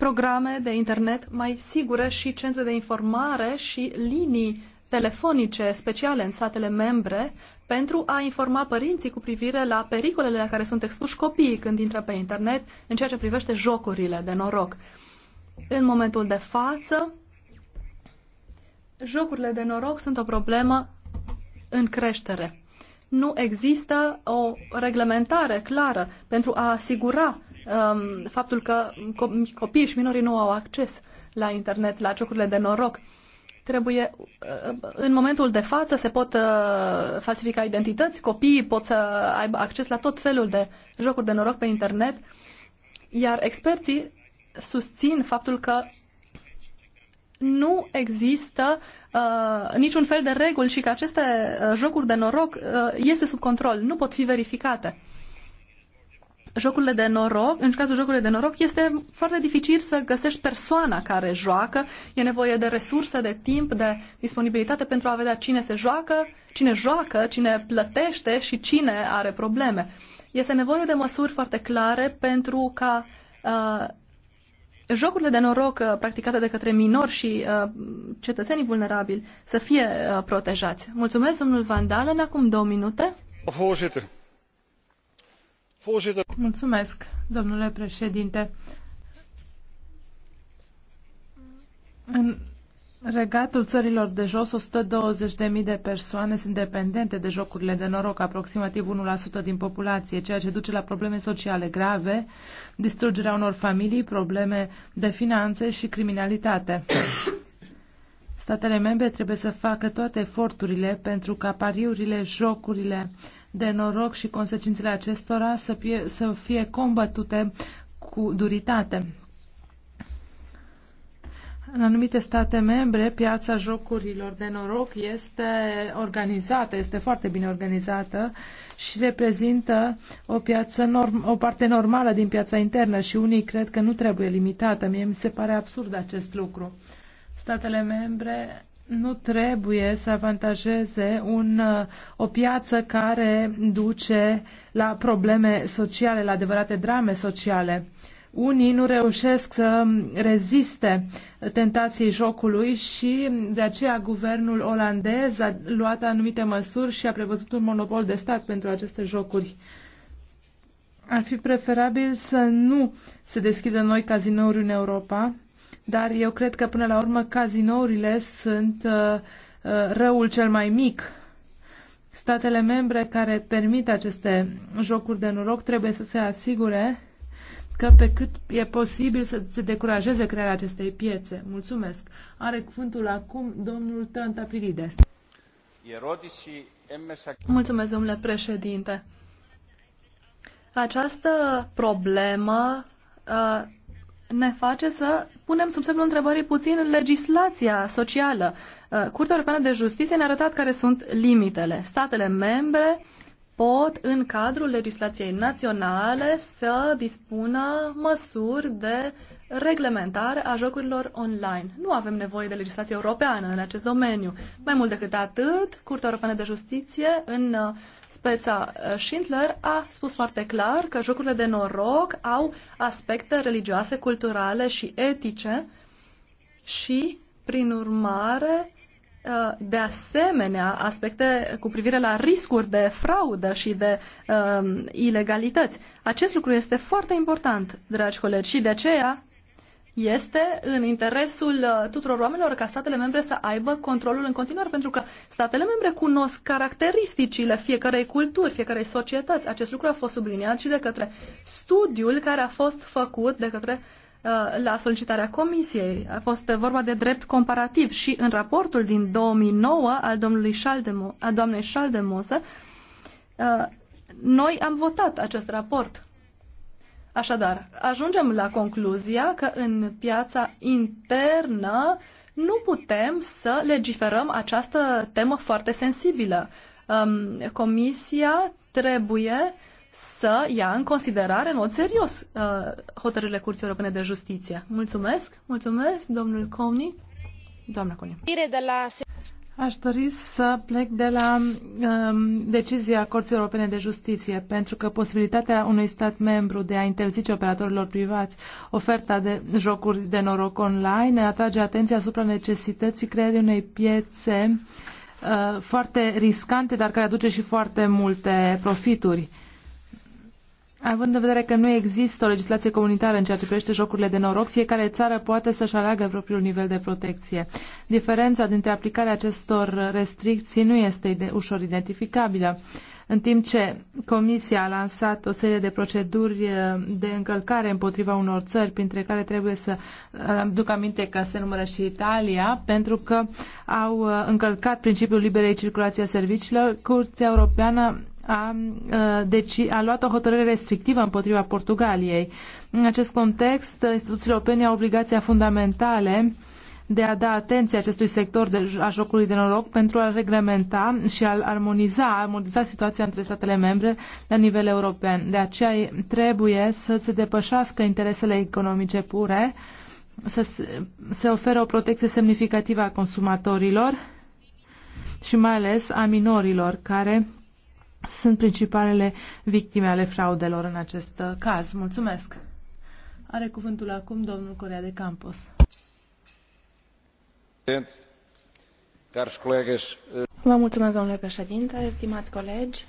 programe de internet mai sigure și centre de informare și linii telefonice speciale în statele membre pentru a informa părinții cu privire la pericolele la care sunt expuși copiii când intră pe internet în ceea ce privește jocurile de noroc. În momentul de față, jocurile de noroc sunt o problemă în creștere. Nu există o reglementare clară pentru a asigura um, faptul că copiii și minorii nu au acces la internet, la jocurile de noroc. Trebuie, uh, în momentul de față se pot uh, falsifica identități, copiii pot să aibă acces la tot felul de jocuri de noroc pe internet, iar experții susțin faptul că nu există uh, niciun fel de reguli și că aceste uh, jocuri de noroc uh, este sub control, nu pot fi verificate jocurile de noroc, în cazul jocurilor de noroc, este foarte dificil să găsești persoana care joacă. E nevoie de resurse, de timp, de disponibilitate pentru a vedea cine se joacă, cine joacă, cine plătește și cine are probleme. Este nevoie de măsuri foarte clare pentru ca uh, jocurile de noroc uh, practicate de către minori și uh, cetățenii vulnerabili să fie uh, protejați. Mulțumesc, domnul Vandalen, Acum două minute. Voorzitter, Mulțumesc, domnule președinte. În regatul țărilor de jos, 120.000 de persoane sunt dependente de jocurile de noroc, aproximativ 1% din populație, ceea ce duce la probleme sociale grave, distrugerea unor familii, probleme de finanțe și criminalitate. Statele membre trebuie să facă toate eforturile pentru ca pariurile, jocurile, uh, de noroc și consecințele acestora să fie, să fie combătute cu duritate. În anumite state membre, piața jocurilor de noroc este organizată, este foarte bine organizată și reprezintă o, piață norm, o parte normală din piața internă și unii cred că nu trebuie limitată. Mie mi se pare absurd acest lucru. Statele membre nu trebuie să avantajeze un, uh, o piață care duce la probleme sociale, la adevărate drame sociale. Unii nu reușesc să um, reziste tentației jocului și um, de aceea guvernul olandez a luat anumite măsuri și a prevăzut un monopol de stat pentru aceste jocuri. Ar fi preferabil să nu se deschidă noi cazinouri în Europa, dar eu cred că până la urmă cazinourile sunt uh, uh, răul cel mai mic. Statele membre care permit aceste jocuri de noroc trebuie să se asigure că pe cât e posibil să se decurajeze crearea acestei piețe. Mulțumesc. Are cuvântul acum domnul Trantapirides. Mulțumesc, domnule președinte. Această problemă uh, ne face să punem sub semnul întrebării puțin legislația socială. Uh, Curtea Europeană de Justiție ne-a arătat care sunt limitele. Statele membre pot, în cadrul legislației naționale, să dispună măsuri de reglementare a jocurilor online. Nu avem nevoie de legislație europeană în acest domeniu. Mai mult decât atât, Curtea Europeană de Justiție, în uh, Speța eh, Schindler a spus foarte clar că jocurile de noroc au aspecte religioase, culturale și etice și, prin urmare, eh, de asemenea aspecte cu privire la riscuri de fraudă și de um, ilegalități. Acest lucru este foarte important, dragi colegi, și de aceea este în interesul uh, tuturor oamenilor ca statele membre să aibă controlul în continuare, pentru că statele membre cunosc caracteristicile fiecarei culturi, fiecarei societăți. Acest lucru a fost subliniat și de către studiul care a fost făcut de către uh, la solicitarea comisiei. A fost vorba de drept comparativ și în raportul din 2009 al domnului Schaldemo, a doamnei Schaldemose, uh, noi am votat acest raport Așadar, ajungem la concluzia că în piața internă nu putem să legiferăm această temă foarte sensibilă. Um, comisia trebuie să ia în considerare în mod serios uh, hotărârile Curții Europene de Justiție. Mulțumesc, mulțumesc, domnul Comni, doamna Comni. Aș dori să plec de la um, decizia Curții Europene de Justiție, pentru că posibilitatea unui stat membru de a interzice operatorilor privați oferta de jocuri de noroc online atrage atenția asupra necesității creării unei piețe uh, foarte riscante, dar care aduce și foarte multe profituri. Având în vedere că nu există o legislație comunitară în ceea ce privește jocurile de noroc, fiecare țară poate să-și aleagă propriul nivel de protecție. Diferența dintre aplicarea acestor restricții nu este ușor identificabilă. În timp ce Comisia a lansat o serie de proceduri uh, de încălcare împotriva unor țări, printre care trebuie să uh, duc aminte că se numără și Italia, pentru că au uh, încălcat principiul liberei circulației a serviciilor, Curtea Europeană a, deci, a luat o hotărâre restrictivă împotriva Portugaliei. În acest context, instituțiile europene au obligația fundamentale de a da atenție acestui sector de, a jocului de noroc pentru a reglementa și a armoniza, a armoniza situația între statele membre la nivel european. De aceea trebuie să se depășească interesele economice pure, să se oferă o protecție semnificativă a consumatorilor și mai ales a minorilor care sunt principalele victime ale fraudelor în acest uh, caz. Mulțumesc! Are cuvântul acum domnul Corea de Campos. Vă mulțumesc, domnule președinte, estimați colegi.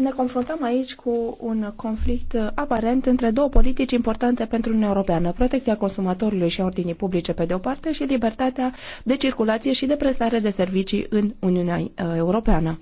ne confruntăm aici cu un conflict aparent între două politici importante pentru Uniunea Europeană, protecția consumatorului și a ordinii publice pe de o parte și libertatea de circulație și de prestare de servicii în Uniunea Europeană.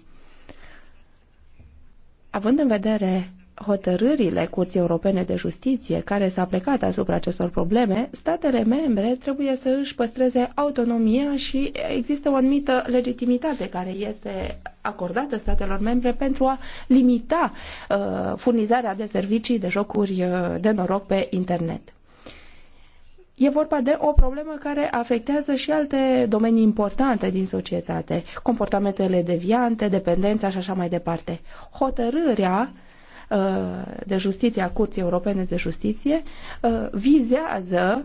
Având în vedere hotărârile Curții Europene de Justiție care s-a plecat asupra acestor probleme, statele membre trebuie să își păstreze autonomia și există o anumită legitimitate care este acordată statelor membre pentru a limita uh, furnizarea de servicii de jocuri uh, de noroc pe internet. E vorba de o problemă care afectează și alte domenii importante din societate, comportamentele deviante, dependența și așa mai departe. Hotărârea uh, de Justiție a Curții Europene de Justiție uh, vizează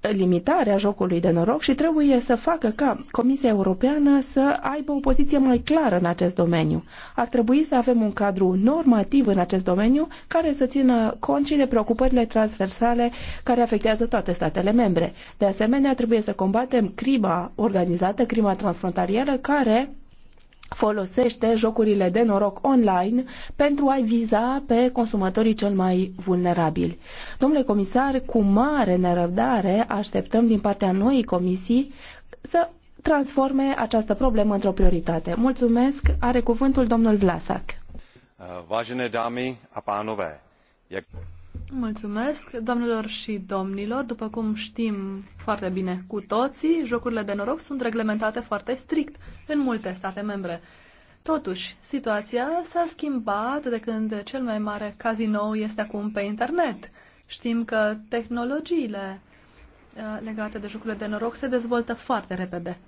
limitarea jocului de noroc și trebuie să facă ca Comisia Europeană să aibă o poziție mai clară în acest domeniu. Ar trebui să avem un cadru normativ în acest domeniu care să țină cont și de preocupările transversale care afectează toate statele membre. De asemenea, trebuie să combatem crima organizată, crima transfrontalieră, care folosește jocurile de noroc online pentru a-i viza pe consumatorii cel mai vulnerabili. Domnule comisar, cu mare nerăbdare așteptăm din partea noii comisii să transforme această problemă într-o prioritate. Mulțumesc. Are cuvântul domnul Vlasac. Vážené dámy a pánové, jak... Mulțumesc, doamnelor și domnilor. După cum știm foarte bine cu toții, jocurile de noroc sunt reglementate foarte strict în multe state membre. Totuși, situația s-a schimbat de când cel mai mare cazinou este acum pe internet. Știm că tehnologiile uh, legate de jocurile de noroc se dezvoltă foarte repede.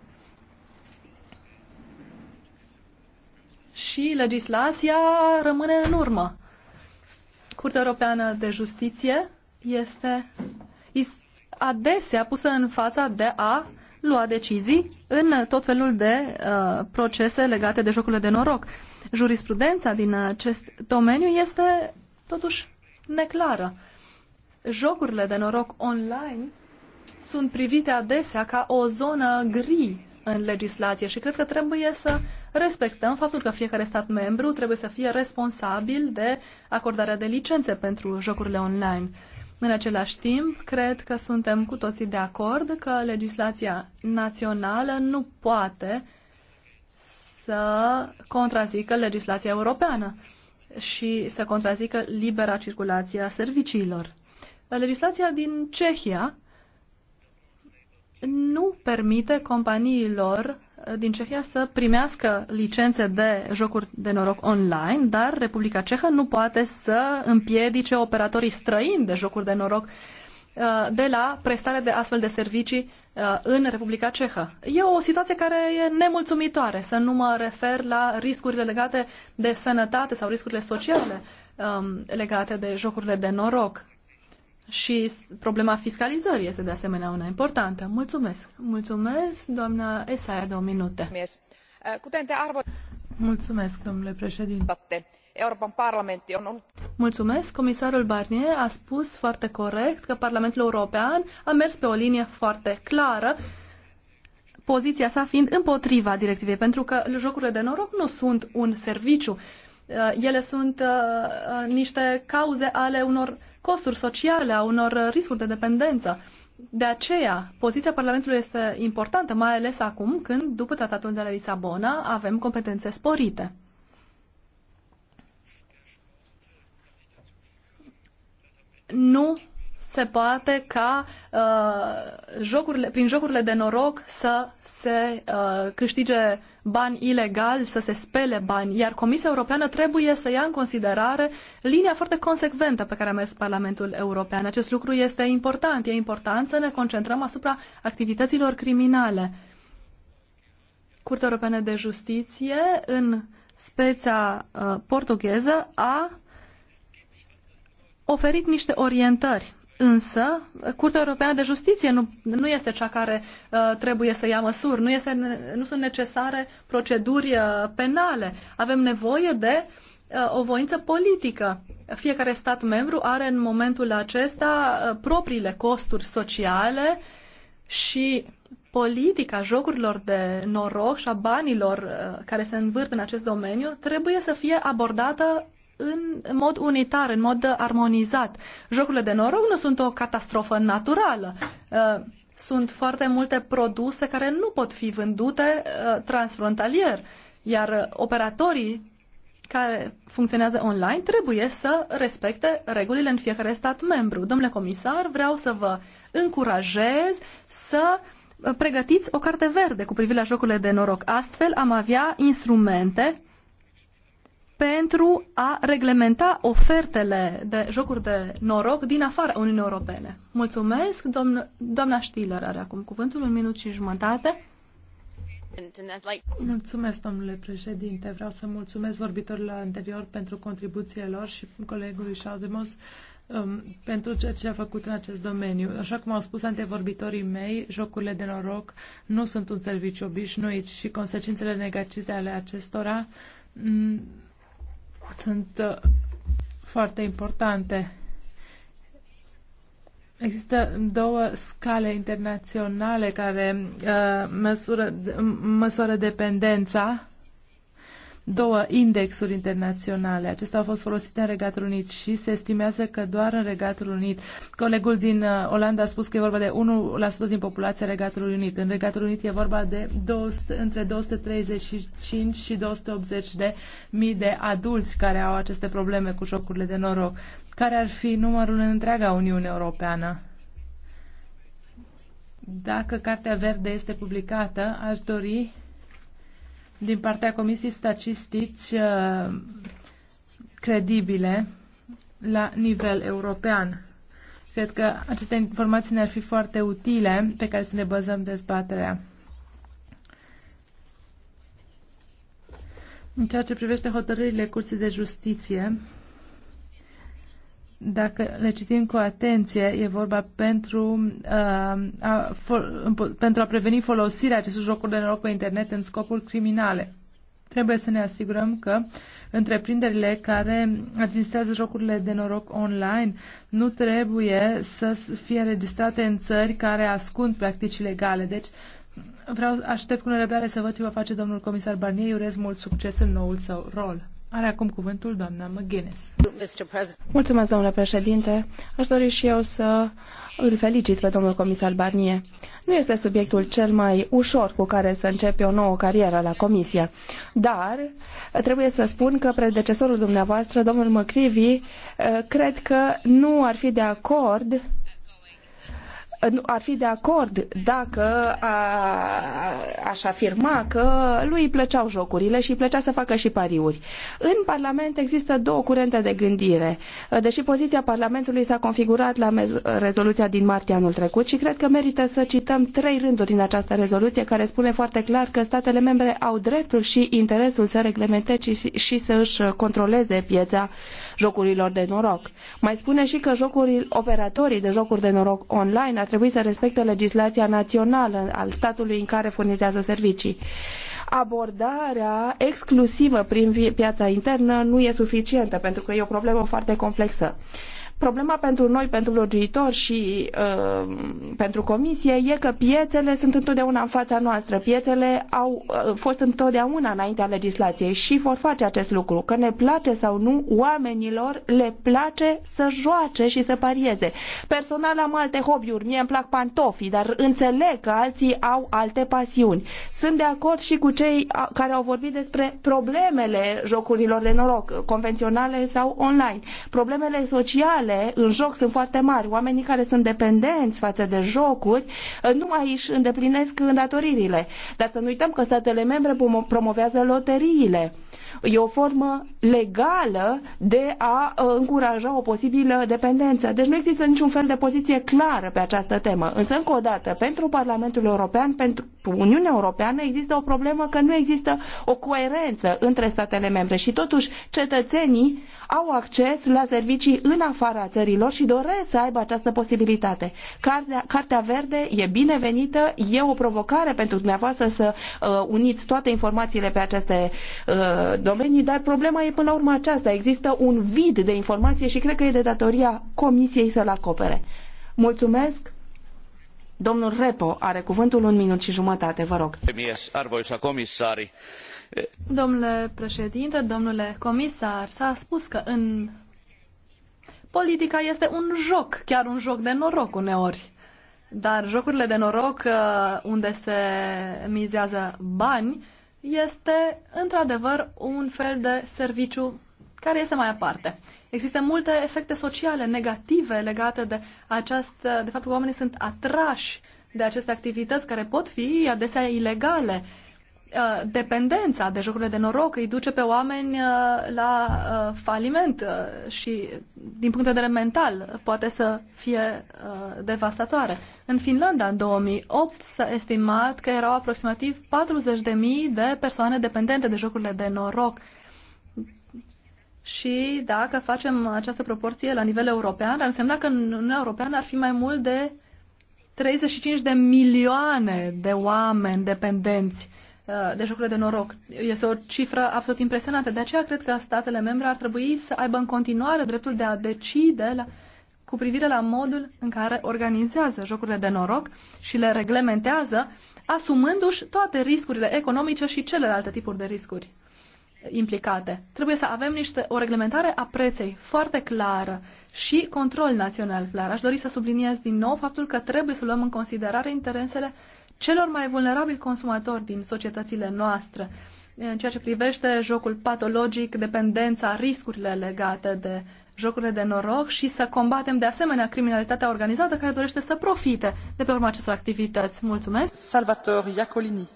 Și legislația rămâne în urmă. Curtea Europeană de Justiție este adesea pusă în fața de a lua decizii în tot felul de uh, procese legate de jocurile de noroc. Jurisprudența din acest domeniu este totuși neclară. Jocurile de noroc online sunt privite adesea ca o zonă gri în legislație și cred că trebuie să respectăm faptul că fiecare stat membru trebuie să fie responsabil de acordarea de licențe pentru jocurile online. În același timp, cred că suntem cu toții de acord că legislația națională nu poate să contrazică legislația europeană și să contrazică libera circulație a serviciilor. Legislația din Cehia nu permite companiilor uh, din Cehia să primească licențe de jocuri de noroc online, dar Republica Cehă nu poate să împiedice operatorii străini de jocuri de noroc uh, de la prestarea de astfel de servicii uh, în Republica Cehă. E o situație care e nemulțumitoare, să nu mă refer la riscurile legate de sănătate sau riscurile sociale um, legate de jocurile de noroc. Și problema fiscalizării este de asemenea una importantă. Mulțumesc. Mulțumesc, doamna Esaia, două minute. Mulțumesc, eh, domnule președinte. Mulțumesc, comisarul Barnier a spus foarte corect că Parlamentul European a mers pe o linie foarte clară, poziția sa fiind împotriva directivei, pentru că jocurile de noroc nu sunt un serviciu. Eh, ele sunt eh, niște cauze ale unor costuri sociale, a unor riscuri de dependență. De aceea, poziția Parlamentului este importantă, mai ales acum când, după tratatul de la Lisabona, avem competențe sporite. Nu se poate ca uh, jocurile, prin jocurile de noroc să se uh, câștige bani ilegali, să se spele bani, iar Comisia Europeană trebuie să ia în considerare linia foarte consecventă pe care a mers Parlamentul European. Acest lucru este important. E important să ne concentrăm asupra activităților criminale. Curtea Europeană de Justiție, în speța uh, portugheză, a oferit niște orientări Însă, Curtea Europeană de Justiție nu, nu este cea care uh, trebuie să ia măsuri, nu, este, nu sunt necesare proceduri uh, penale. Avem nevoie de uh, o voință politică. Fiecare stat membru are în momentul acesta uh, propriile costuri sociale și politica jocurilor de noroc și a banilor uh, care se învârt în acest domeniu trebuie să fie abordată în mod unitar, în mod armonizat. Jocurile de noroc nu sunt o catastrofă naturală. Uh, sunt foarte multe produse care nu pot fi vândute uh, transfrontalier, iar operatorii care funcționează online trebuie să respecte regulile în fiecare stat membru. Domnule comisar, vreau să vă încurajez să uh, pregătiți o carte verde cu privire la jocurile de noroc. Astfel am avea instrumente pentru a reglementa ofertele de jocuri de noroc din afara Uniunii Europene. Mulțumesc. Domn, doamna Stiller are acum cuvântul, un minut și jumătate. Mulțumesc, domnule președinte. Vreau să mulțumesc vorbitorilor anterior pentru contribuțiile lor și colegului Șaldemos um, pentru ceea ce a făcut în acest domeniu. Așa cum au spus antevorbitorii mei, jocurile de noroc nu sunt un serviciu obișnuit și consecințele negative ale acestora mm, sunt uh, foarte importante. Există două scale internaționale care uh, măsură, măsoară dependența două indexuri internaționale. Acestea au fost folosite în Regatul Unit și se estimează că doar în Regatul Unit. Colegul din uh, Olanda a spus că e vorba de 1% din populația Regatului Unit. În Regatul Unit e vorba de 200, între 235 și 280 de mii de adulți care au aceste probleme cu jocurile de noroc. Care ar fi numărul în întreaga Uniune Europeană? Dacă Cartea Verde este publicată, aș dori din partea Comisiei Statistici uh, credibile la nivel european. Cred că aceste informații ne-ar fi foarte utile pe care să ne bazăm dezbaterea. În ceea ce privește hotărârile Curții de Justiție, dacă le citim cu atenție, e vorba pentru, uh, a, for, pentru a preveni folosirea acestor jocuri de noroc pe internet în scopuri criminale. Trebuie să ne asigurăm că întreprinderile care administrează jocurile de noroc online nu trebuie să fie registrate în țări care ascund practici legale. Deci, vreau, aștept cu nerăbdare să văd ce va face domnul comisar Barnier. Urez mult succes în noul său rol. Are acum cuvântul doamna McGuinness. Mulțumesc, domnule președinte. Aș dori și eu să îl felicit pe domnul comisar Barnier. Nu este subiectul cel mai ușor cu care să începe o nouă carieră la comisie, dar trebuie să spun că predecesorul dumneavoastră, domnul Măcrivi, eh, cred că nu ar fi de acord ar fi de acord dacă a, aș afirma că lui îi plăceau jocurile și îi plăcea să facă și pariuri. În Parlament există două curente de gândire. Deși poziția Parlamentului s-a configurat la rezoluția din martie anul trecut și cred că merită să cităm trei rânduri din această rezoluție care spune foarte clar că statele membre au dreptul și interesul să reglementeze și, și să își controleze piața jocurilor de noroc. Mai spune și că jocurile, operatorii de jocuri de noroc online ar trebui să respecte legislația națională al statului în care furnizează servicii. Abordarea exclusivă prin piața internă nu e suficientă pentru că e o problemă foarte complexă. Problema pentru noi, pentru logiuitori și uh, pentru comisie e că piețele sunt întotdeauna în fața noastră. Piețele au uh, fost întotdeauna înaintea legislației și vor face acest lucru. Că ne place sau nu, oamenilor le place să joace și să parieze. Personal am alte hobby-uri, mie îmi plac pantofii, dar înțeleg că alții au alte pasiuni. Sunt de acord și cu cei care au vorbit despre problemele jocurilor de noroc, convenționale sau online, problemele sociale sumele în joc sunt foarte mari. Oamenii care sunt dependenți față de jocuri uh, nu mai își îndeplinesc îndatoririle. Dar să nu uităm că statele membre promovează loteriile E o formă legală de a uh, încuraja o posibilă dependență. Deci nu există niciun fel de poziție clară pe această temă. Însă, încă o dată, pentru Parlamentul European, pentru Uniunea Europeană, există o problemă că nu există o coerență între statele membre și totuși cetățenii au acces la servicii în afara țărilor și doresc să aibă această posibilitate. Cartea, Cartea Verde e binevenită, e o provocare pentru dumneavoastră să uh, uniți toate informațiile pe aceste uh, domenii, dar problema e până la urmă aceasta. Există un vid de informație și cred că e de datoria Comisiei să-l acopere. Mulțumesc! Domnul Repo are cuvântul un minut și jumătate, vă rog. Domnule președinte, domnule comisar, s-a spus că în politica este un joc, chiar un joc de noroc uneori. Dar jocurile de noroc uh, unde se mizează bani este într-adevăr un fel de serviciu care este mai aparte. Există multe efecte sociale negative legate de această, de faptul că oamenii sunt atrași de aceste activități care pot fi adesea ilegale. Uh, Uh, dependența de jocurile de noroc îi duce pe oameni uh, la uh, faliment și, din punct de vedere mental, poate să fie devastatoare. În Finlanda, în 2008, s-a estimat că erau aproximativ 40.000 de persoane dependente de jocurile de noroc. Și dacă facem această proporție la nivel european, ar însemna că în Uniunea Europeană ar fi mai mult de 35 de milioane de oameni dependenți Uh, de jocurile de noroc. Este o cifră absolut impresionantă. De aceea cred că statele membre ar trebui să aibă în continuare dreptul de a decide la, cu privire la modul în care organizează jocurile de noroc și le reglementează, asumându-și toate riscurile economice și celelalte tipuri de riscuri implicate. Trebuie să avem niște, o reglementare a preței foarte clară și control național clar. Aș dori să subliniez din nou faptul că trebuie să luăm în considerare interesele celor mai vulnerabili consumatori din societățile noastre în ceea ce privește jocul patologic, dependența, riscurile legate de jocurile de noroc și să combatem de asemenea criminalitatea organizată care dorește să profite de pe urma acestor activități. Mulțumesc! Salvatore Iacolini.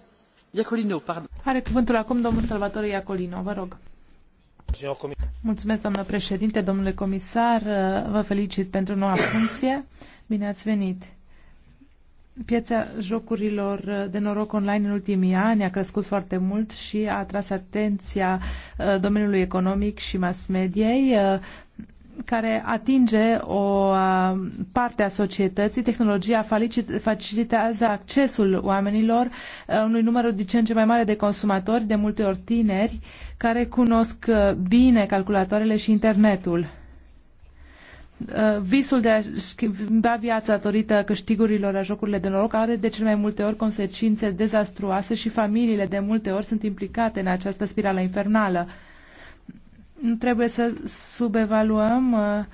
Iacolino, pardon. Are cuvântul acum domnul Salvatore Iacolino, vă rog. Mulțumesc, doamnă președinte, domnule comisar, vă felicit pentru noua funcție. Bine ați venit! Piața jocurilor de noroc online în ultimii ani a crescut foarte mult și a atras atenția uh, domeniului economic și mass mediei uh, care atinge o uh, parte a societății. Tehnologia facilitează accesul oamenilor unui număr din ce în ce mai mare de consumatori, de multe ori tineri, care cunosc bine calculatoarele și internetul Uh, visul de a schimba viața datorită câștigurilor la jocurile de noroc are de cele mai multe ori consecințe dezastruoase și familiile de multe ori sunt implicate în această spirală infernală. Nu trebuie să subevaluăm uh,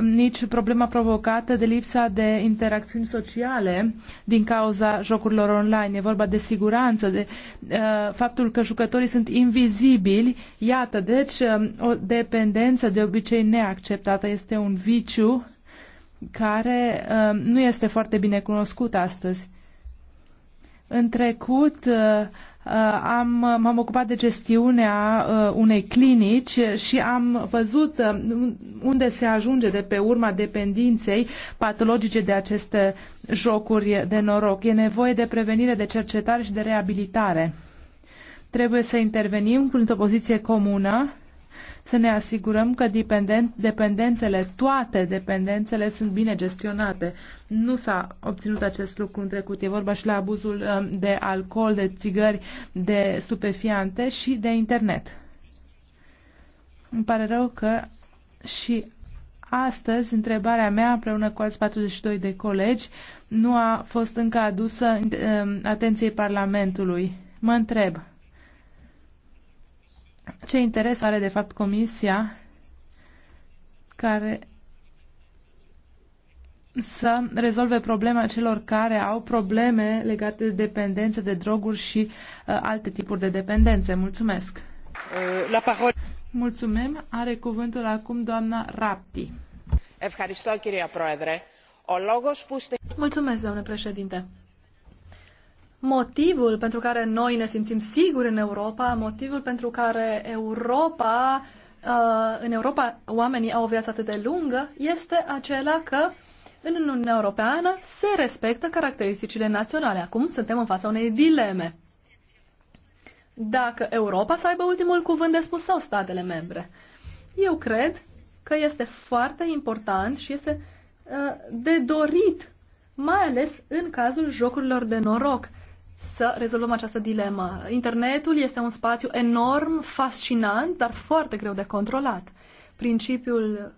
nici problema provocată de lipsa de interacțiuni sociale din cauza jocurilor online. E vorba de siguranță, de uh, faptul că jucătorii sunt invizibili. Iată, deci, uh, o dependență de obicei neacceptată este un viciu care uh, nu este foarte bine cunoscut astăzi. În trecut, uh, Uh, am, m-am ocupat de gestiunea uh, unei clinici și am văzut uh, unde se ajunge de pe urma dependenței patologice de aceste jocuri de noroc. E nevoie de prevenire, de cercetare și de reabilitare. Trebuie să intervenim cu o poziție comună să ne asigurăm că dependențele, toate dependențele sunt bine gestionate. Nu s-a obținut acest lucru în trecut. E vorba și la abuzul um, de alcool, de țigări, de stupefiante și de internet. Îmi pare rău că și astăzi întrebarea mea, împreună cu alți 42 de colegi, nu a fost încă adusă um, atenției Parlamentului. Mă întreb, ce interes are de fapt Comisia care să rezolve problema celor care au probleme legate de dependențe de droguri și uh, alte tipuri de dependențe. Mulțumesc! Uh, la parol. Mulțumim. Are cuvântul acum doamna Rapti. Mulțumesc, doamne președinte. Motivul pentru care noi ne simțim siguri în Europa, motivul pentru care Europa, uh, în Europa oamenii au o viață atât de lungă, este acela că în Uniunea Europeană se respectă caracteristicile naționale. Acum suntem în fața unei dileme. Dacă Europa să aibă ultimul cuvânt de spus sau statele membre. Eu cred că este foarte important și este uh, de dorit, mai ales în cazul jocurilor de noroc, să rezolvăm această dilemă. Internetul este un spațiu enorm, fascinant, dar foarte greu de controlat. Principiul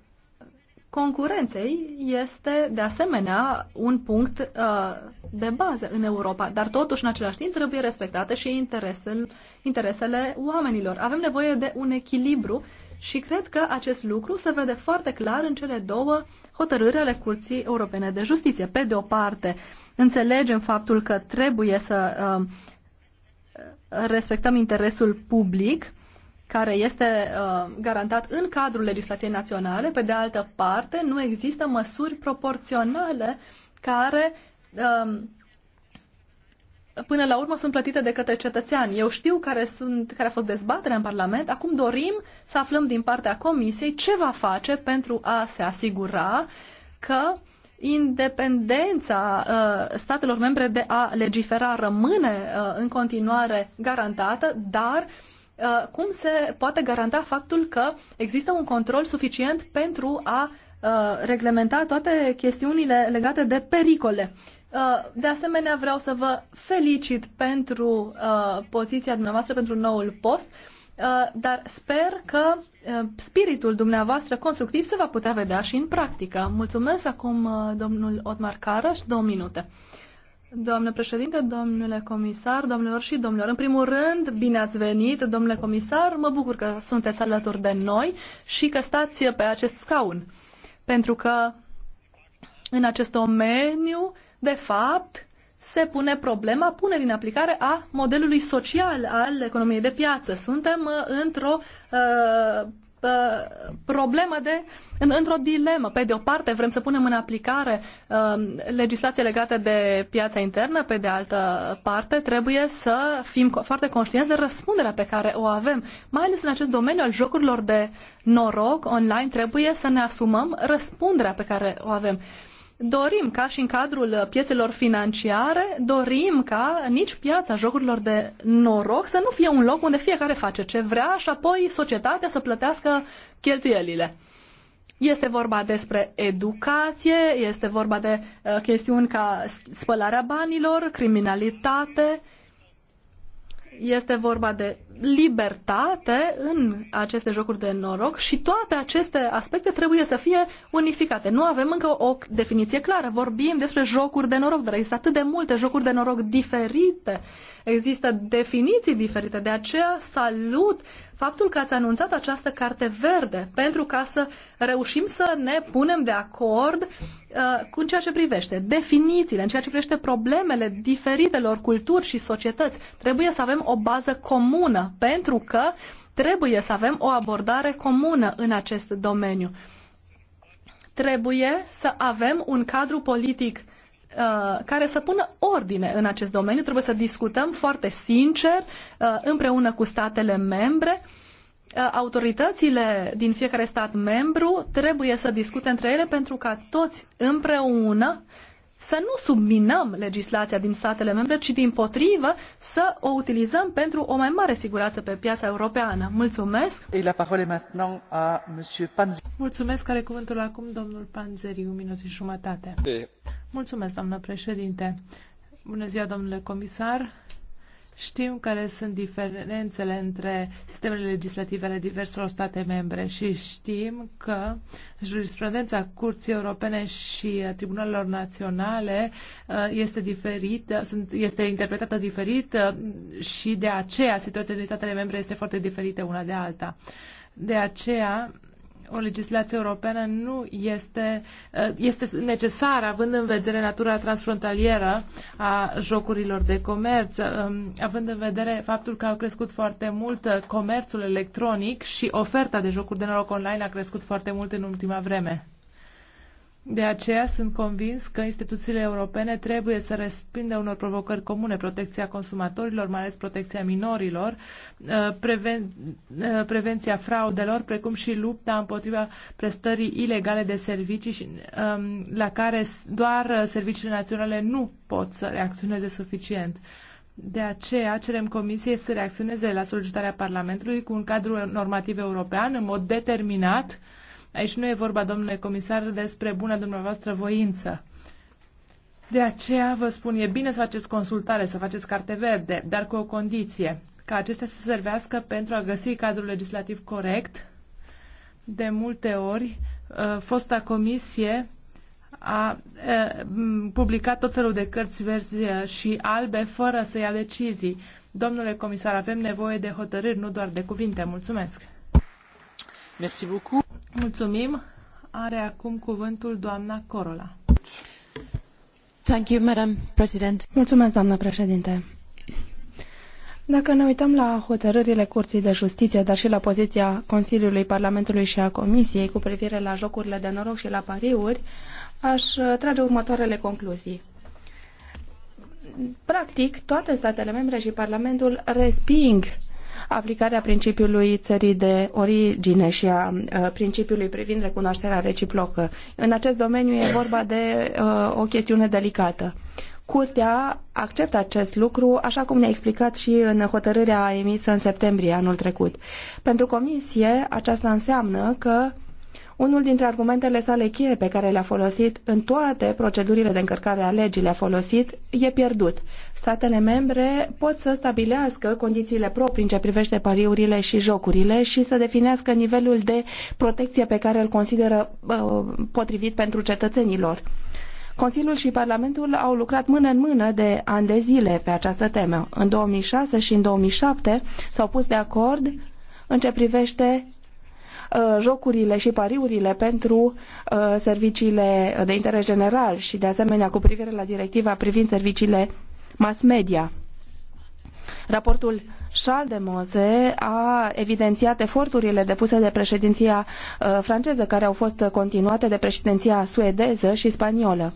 concurenței este, de asemenea, un punct uh, de bază în Europa, dar totuși, în același timp, trebuie respectate și interesele, interesele oamenilor. Avem nevoie de un echilibru și cred că acest lucru se vede foarte clar în cele două hotărâri ale Curții Europene de Justiție. Pe de o parte, înțelegem faptul că trebuie să uh, respectăm interesul public, care este uh, garantat în cadrul legislației naționale. Pe de altă parte, nu există măsuri proporționale care uh, până la urmă sunt plătite de către cetățeani. Eu știu care, sunt, care a fost dezbaterea în Parlament. Acum dorim să aflăm din partea Comisiei ce va face pentru a se asigura că independența uh, statelor membre de a legifera rămâne uh, în continuare garantată, dar uh, Uh, cum se poate garanta faptul că există un control suficient pentru a uh, reglementa toate chestiunile legate de pericole. Uh, de asemenea, vreau să vă felicit pentru poziția dumneavoastră pentru noul post, dar sper că spiritul dumneavoastră constructiv se va putea vedea și în practică. Mulțumesc acum domnul Otmar Carăș, două minute. Doamnă președinte, domnule comisar, domnilor și domnilor, în primul rând, bine ați venit, domnule comisar, mă bucur că sunteți alături de noi și că stați pe acest scaun. Pentru că în acest domeniu, de fapt, se pune problema punerii în aplicare a modelului social al economiei de piață. Suntem uh, într-o uh, Uh, problemă de, în, într-o dilemă. Pe de o parte vrem să punem în aplicare uh, legislație legată de piața internă, pe de altă parte trebuie să fim foarte conștienți de răspunderea pe care o avem. Mai ales în acest domeniu al jocurilor de noroc online trebuie să ne asumăm răspunderea pe care o avem. Uh, dorim ca și în cadrul piețelor financiare, dorim ca nici piața jocurilor de noroc să nu fie un loc unde fiecare face ce vrea și apoi societatea să plătească cheltuielile. Este vorba despre educație, este vorba de uh, chestiuni ca spălarea banilor, criminalitate, uh, este vorba de libertate în aceste jocuri de noroc și toate aceste aspecte trebuie să fie unificate. Nu avem încă o definiție clară. Vorbim despre jocuri de noroc, dar există atât de multe jocuri de noroc diferite. Există definiții diferite. De aceea salut faptul că ați anunțat această carte verde pentru ca să reușim să ne punem de acord uh, cu ceea ce privește definițiile, în ceea ce privește problemele diferitelor culturi și societăți. Trebuie să avem o bază comună pentru că trebuie să avem o abordare comună în acest domeniu. Trebuie să avem un cadru politic uh, Uh, care să pună ordine în acest domeniu. Trebuie să discutăm foarte sincer uh, împreună cu statele membre. Uh, autoritățile din fiecare stat membru trebuie să discute între ele pentru ca toți împreună să nu subminăm legislația din statele membre, ci din potrivă să o utilizăm pentru o mai mare siguranță pe piața europeană. Mulțumesc! Et la parole maintenant à monsieur Panzeri. Mulțumesc, care cuvântul acum domnul Panzeri, un minut și jumătate. E. Mulțumesc, doamnă președinte. Bună ziua, domnule comisar. Știm care sunt diferențele între sistemele legislative ale diverselor state membre și știm că jurisprudența Curții Europene și Tribunalelor Naționale uh, este diferită, este interpretată diferit uh, și de aceea situația din statele membre este foarte diferită una de alta. De aceea, o legislație europeană nu este, uh, este necesară, având în vedere natura transfrontalieră a jocurilor de comerț, um, având în vedere faptul că au crescut foarte mult uh, comerțul electronic și oferta de jocuri de noroc online a crescut foarte mult în ultima vreme. De aceea sunt convins că instituțiile europene trebuie să respindă unor provocări comune, protecția consumatorilor, mai ales protecția minorilor, uh, preven, uh, prevenția fraudelor, precum și lupta împotriva prestării ilegale de servicii um, la care doar uh, serviciile naționale nu pot să reacționeze suficient. De aceea cerem Comisiei să reacționeze la solicitarea Parlamentului cu un cadru normativ european în mod determinat Aici nu e vorba, domnule comisar, despre bună dumneavoastră voință. De aceea vă spun, e bine să faceți consultare, să faceți carte verde, dar cu o condiție, ca acestea să servească pentru a găsi cadrul legislativ corect. De multe ori, uh, fosta comisie a uh, publicat tot felul de cărți verzi uh, și albe fără să ia decizii. Domnule comisar, avem nevoie de hotărâri, nu doar de cuvinte. Mulțumesc! Merci beaucoup. Mulțumim. Are acum cuvântul doamna Corola. Thank you, Madam President. Mulțumesc, doamnă președinte. Dacă ne uităm la hotărârile Curții de Justiție, dar și la poziția Consiliului Parlamentului și a Comisiei cu privire la jocurile de noroc și la pariuri, aș trage următoarele concluzii. Practic, toate statele membre și Parlamentul resping uh, aplicarea principiului țării de origine și a uh, principiului privind recunoașterea reciprocă. În acest domeniu e vorba de uh, o chestiune delicată. Curtea acceptă acest lucru, așa cum ne-a explicat și în hotărârea emisă în septembrie anul trecut. Pentru comisie, aceasta înseamnă că unul dintre argumentele sale cheie pe care le-a folosit în toate procedurile de încărcare a legii le-a folosit e pierdut. Statele membre pot să stabilească condițiile proprii în ce privește pariurile și jocurile și să definească nivelul de protecție pe care îl consideră uh, potrivit pentru cetățenilor. Consiliul și Parlamentul au lucrat mână în mână de ani de zile pe această temă. În 2006 și în 2007 s-au pus de acord în ce privește Uh, jocurile și pariurile pentru uh, serviciile de interes general și de asemenea cu privire la directiva privind serviciile mass media. Raportul Schaldemose a evidențiat eforturile depuse de președinția uh, franceză, care au fost continuate de președinția suedeză și spaniolă.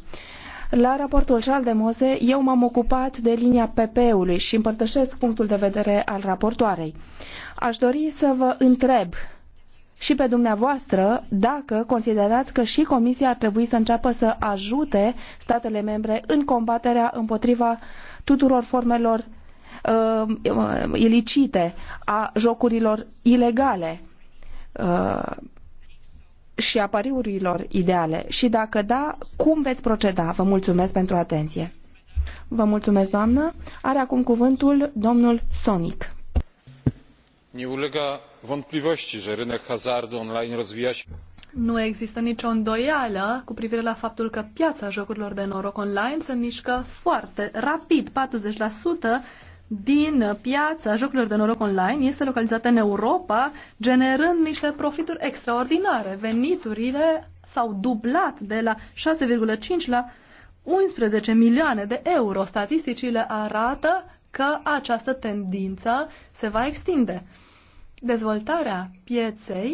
La raportul Schaldemose, eu m-am ocupat de linia PP-ului și împărtășesc punctul de vedere al raportoarei. Aș dori să vă întreb și pe dumneavoastră dacă considerați că și Comisia ar trebui să înceapă să ajute statele membre în combaterea împotriva tuturor formelor uh, uh, ilicite, a jocurilor ilegale uh, și a pariurilor ideale. Și dacă da, cum veți proceda? Vă mulțumesc pentru atenție. Vă mulțumesc, doamnă. Are acum cuvântul domnul Sonic nie ulega wątpliwości że rynek hazardu online rozwija się nu există nicio îndoială cu privire la faptul că piața jocurilor de noroc online se mișcă foarte rapid. 40% din piața jocurilor de noroc online este localizată în Europa, generând niște profituri extraordinare. Veniturile s-au dublat de la 6,5 la 11 milioane de euro. Statisticile arată că această tendință se va extinde. Dezvoltarea pieței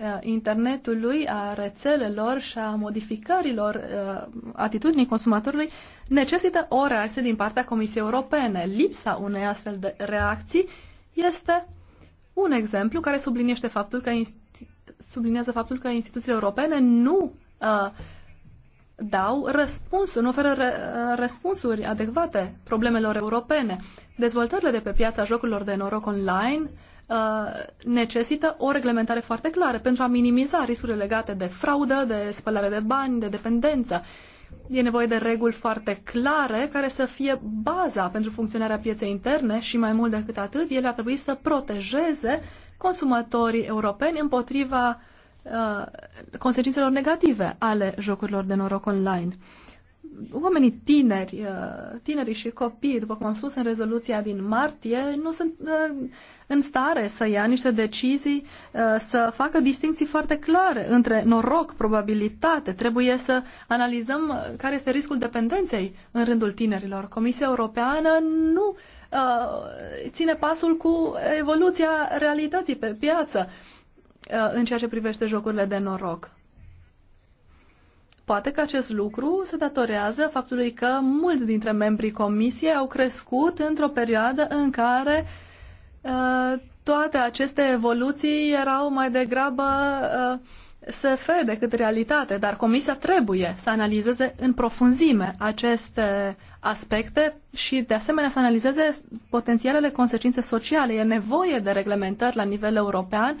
uh, internetului, a rețelelor și a modificărilor uh, atitudinii consumatorului necesită o reacție din partea Comisiei Europene. Lipsa unei astfel de reacții este un exemplu care subliniește faptul că sublinează faptul că instituțiile europene nu uh, dau răspunsuri, nu oferă uh, răspunsuri adecvate problemelor europene. Dezvoltările de pe piața jocurilor de noroc online uh, Uh, necesită o reglementare foarte clară pentru a minimiza riscurile legate de fraudă, de spălare de bani, de dependență. E nevoie de reguli foarte clare care să fie baza pentru funcționarea pieței interne și mai mult decât atât, ele ar trebui să protejeze consumatorii europeni împotriva uh, consecințelor negative ale jocurilor de noroc online oamenii tineri, uh, tinerii și copii, după cum am spus în rezoluția din martie, nu sunt uh, în stare să ia niște decizii, uh, să facă distinții foarte clare între noroc, probabilitate. Trebuie să analizăm care este riscul dependenței în rândul tinerilor. Comisia Europeană nu ține pasul cu evoluția realității pe piață în ceea ce privește jocurile de noroc. Poate că acest lucru se datorează faptului că mulți dintre membrii comisiei au crescut într-o perioadă în care uh, toate aceste evoluții erau mai degrabă uh, SF decât realitate, dar comisia trebuie să analizeze în profunzime aceste aspecte și de asemenea să analizeze potențialele consecințe sociale. E nevoie de reglementări la nivel european uh,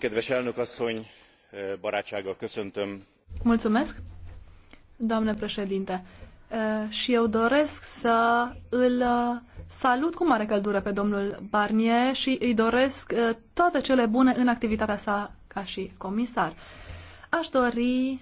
kedves elnök asszony barátsággal köszöntöm doamnă președinte și eu doresc să îl salut cu mare căldură pe domnul Barnier și îi doresc toate cele bune în activitatea sa ca și comisar. Aș dori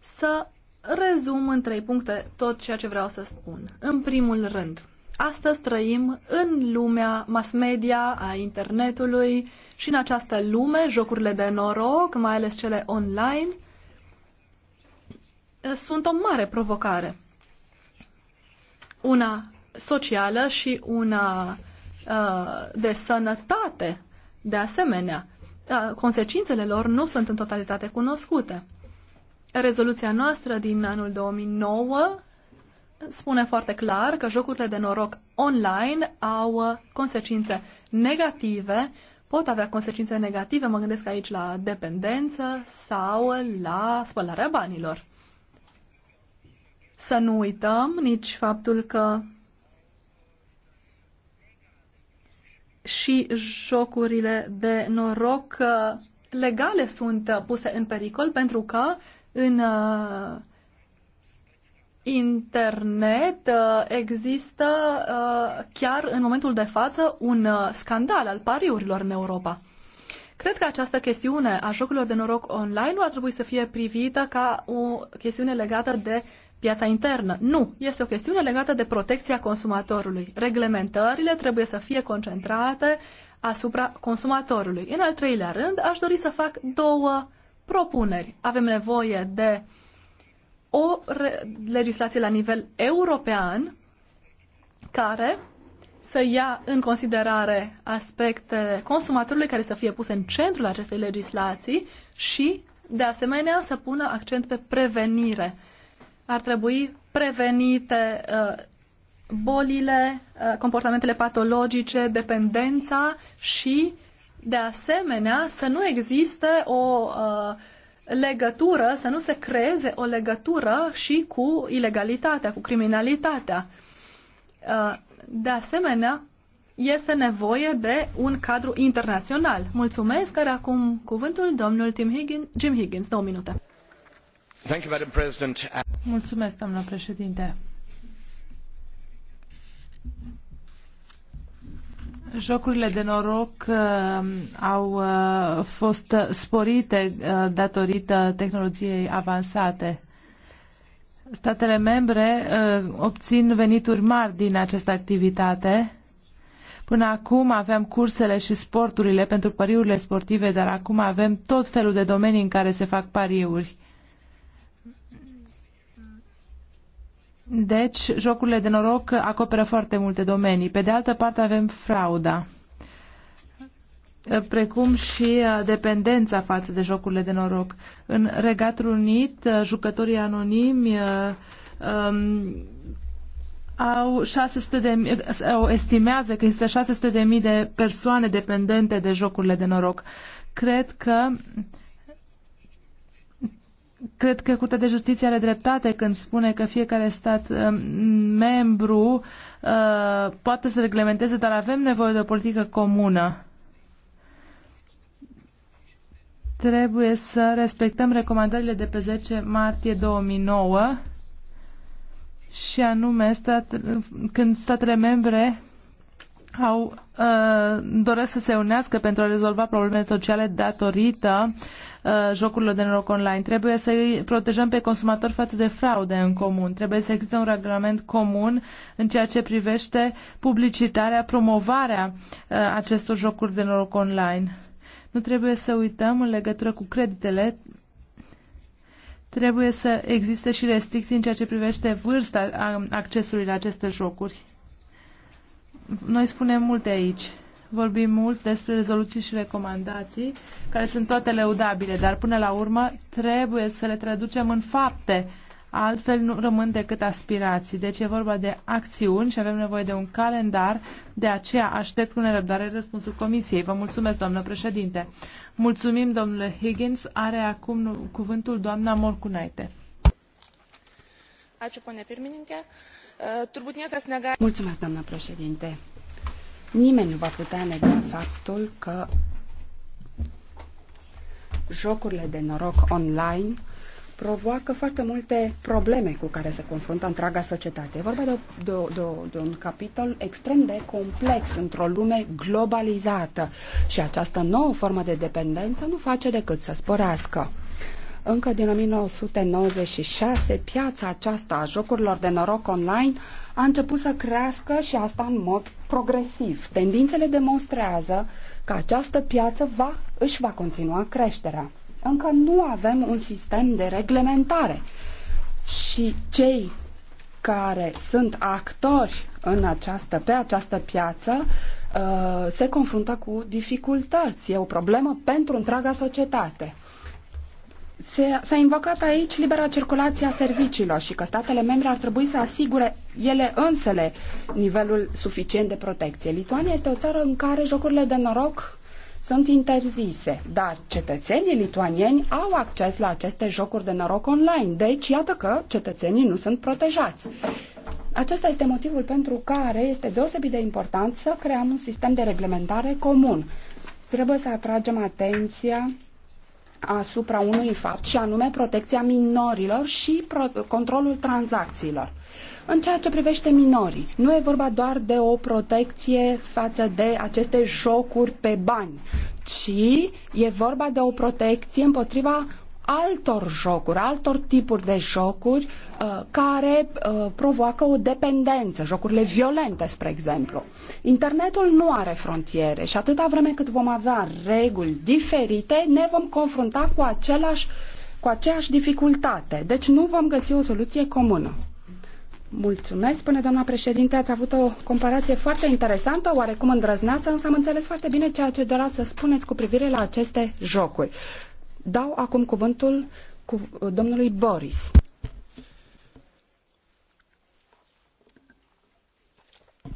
să rezum în trei puncte tot ceea ce vreau să spun. În primul rând, astăzi trăim în lumea mass media, a internetului, și în această lume, jocurile de noroc, mai ales cele online, sunt o mare provocare. Una socială și una uh, de sănătate, de asemenea. Uh, consecințele lor nu sunt în totalitate cunoscute. Rezoluția noastră din anul 2009 spune foarte clar că jocurile de noroc online au uh, consecințe negative pot avea consecințe negative, mă gândesc aici la dependență sau la spălarea banilor. Să nu uităm nici faptul că și jocurile de noroc uh, legale sunt uh, puse în pericol pentru că în uh, internet uh, există uh, chiar în momentul de față un uh, scandal al pariurilor în Europa. Cred că această chestiune a jocurilor de noroc online nu ar trebui să fie privită ca o chestiune legată de piața internă. Nu, este o chestiune legată de protecția consumatorului. Reglementările trebuie să fie concentrate asupra consumatorului. În al treilea rând, aș dori să fac două propuneri. Avem nevoie de uh, o legislație la nivel european care să ia în considerare aspecte consumatorului care să fie puse în centrul acestei legislații și, de asemenea, să pună accent pe prevenire. Ar trebui prevenite uh, bolile, uh, comportamentele patologice, dependența și, de asemenea, să nu existe o uh, legătură, să nu se creeze o legătură și cu ilegalitatea, cu criminalitatea. Uh, de asemenea, este nevoie de un cadru internațional. Mulțumesc, care acum cuvântul domnul Tim Higgins, Jim Higgins, două minute. Thank you, Madam President. Mulțumesc, doamna președinte. Jocurile de noroc uh, au uh, fost sporite uh, datorită tehnologiei avansate. Statele membre uh, obțin venituri mari din această activitate. Până acum aveam cursele și sporturile pentru pariurile sportive, dar acum avem tot felul de domenii în care se fac pariuri. Deci, jocurile de noroc acoperă foarte multe domenii. Pe de altă parte avem frauda, precum și uh, dependența față de jocurile de noroc. În Regatul Unit, uh, jucătorii anonimi uh, um, au 600 de, o estimează că există 600 de mii de persoane dependente de jocurile de noroc. Cred că uh, Cred că Curtea de Justiție are dreptate când spune că fiecare stat uh, membru uh, poate să reglementeze, dar avem nevoie de o politică comună. Trebuie să respectăm recomandările de pe 10 martie 2009 și anume stat, când statele membre au, uh, doresc să se unească pentru a rezolva problemele sociale datorită uh, Uh, jocurilor de noroc online. Trebuie să îi protejăm pe consumatori față de fraude în comun. Trebuie să existe un regulament comun în ceea ce privește publicitarea, promovarea uh, acestor jocuri de noroc online. Nu trebuie să uităm în legătură cu creditele trebuie să existe și restricții în ceea ce privește vârsta uh, accesului la aceste jocuri. Noi spunem multe aici vorbim mult despre rezoluții și recomandații, care sunt toate leudabile, dar până la urmă trebuie să le traducem în fapte, altfel nu rămân decât aspirații. Deci e vorba de acțiuni și avem nevoie de un calendar, de aceea aștept cu nerăbdare răspunsul Comisiei. Vă mulțumesc, doamnă președinte. Mulțumim, domnule Higgins. Are acum cuvântul doamna Morcunaite. Mulțumesc, doamnă președinte Nimeni nu va putea nega faptul că jocurile de noroc online provoacă foarte multe probleme cu care se confruntă întreaga societate. E vorba de, de, de, de un capitol extrem de complex într-o lume globalizată și această nouă formă de dependență nu face decât să sporească. Încă din 1996, piața aceasta a jocurilor de noroc online a început să crească și asta în mod progresiv. Tendințele demonstrează că această piață va, își va continua creșterea. Încă nu avem un sistem de reglementare și cei care sunt actori în această, pe această piață uh, se confruntă cu dificultăți. E o problemă pentru întreaga societate. S-a invocat aici libera circulație a serviciilor și că statele membre ar trebui să asigure ele însele nivelul suficient de protecție. Lituania este o țară în care jocurile de noroc sunt interzise, dar cetățenii lituanieni au acces la aceste jocuri de noroc online, deci iată că cetățenii nu sunt protejați. Acesta este motivul pentru care este deosebit de important să creăm un sistem de reglementare comun. Trebuie să atragem atenția asupra unui fapt și anume protecția minorilor și controlul tranzacțiilor. În ceea ce privește minorii, nu e vorba doar de o protecție față de aceste jocuri pe bani, ci e vorba de o protecție împotriva altor jocuri, altor tipuri de jocuri uh, care uh, provoacă o dependență, jocurile violente, spre exemplu. Internetul nu are frontiere și atâta vreme cât vom avea reguli diferite, ne vom confrunta cu același cu aceeași dificultate. Deci nu vom găsi o soluție comună. Mulțumesc, spune doamna președinte, ați avut o comparație foarte interesantă, oarecum îndrăzneață, însă am înțeles foarte bine ceea ce doreați să spuneți cu privire la aceste jocuri. Dau acum cuvântul cu, domnului Boris.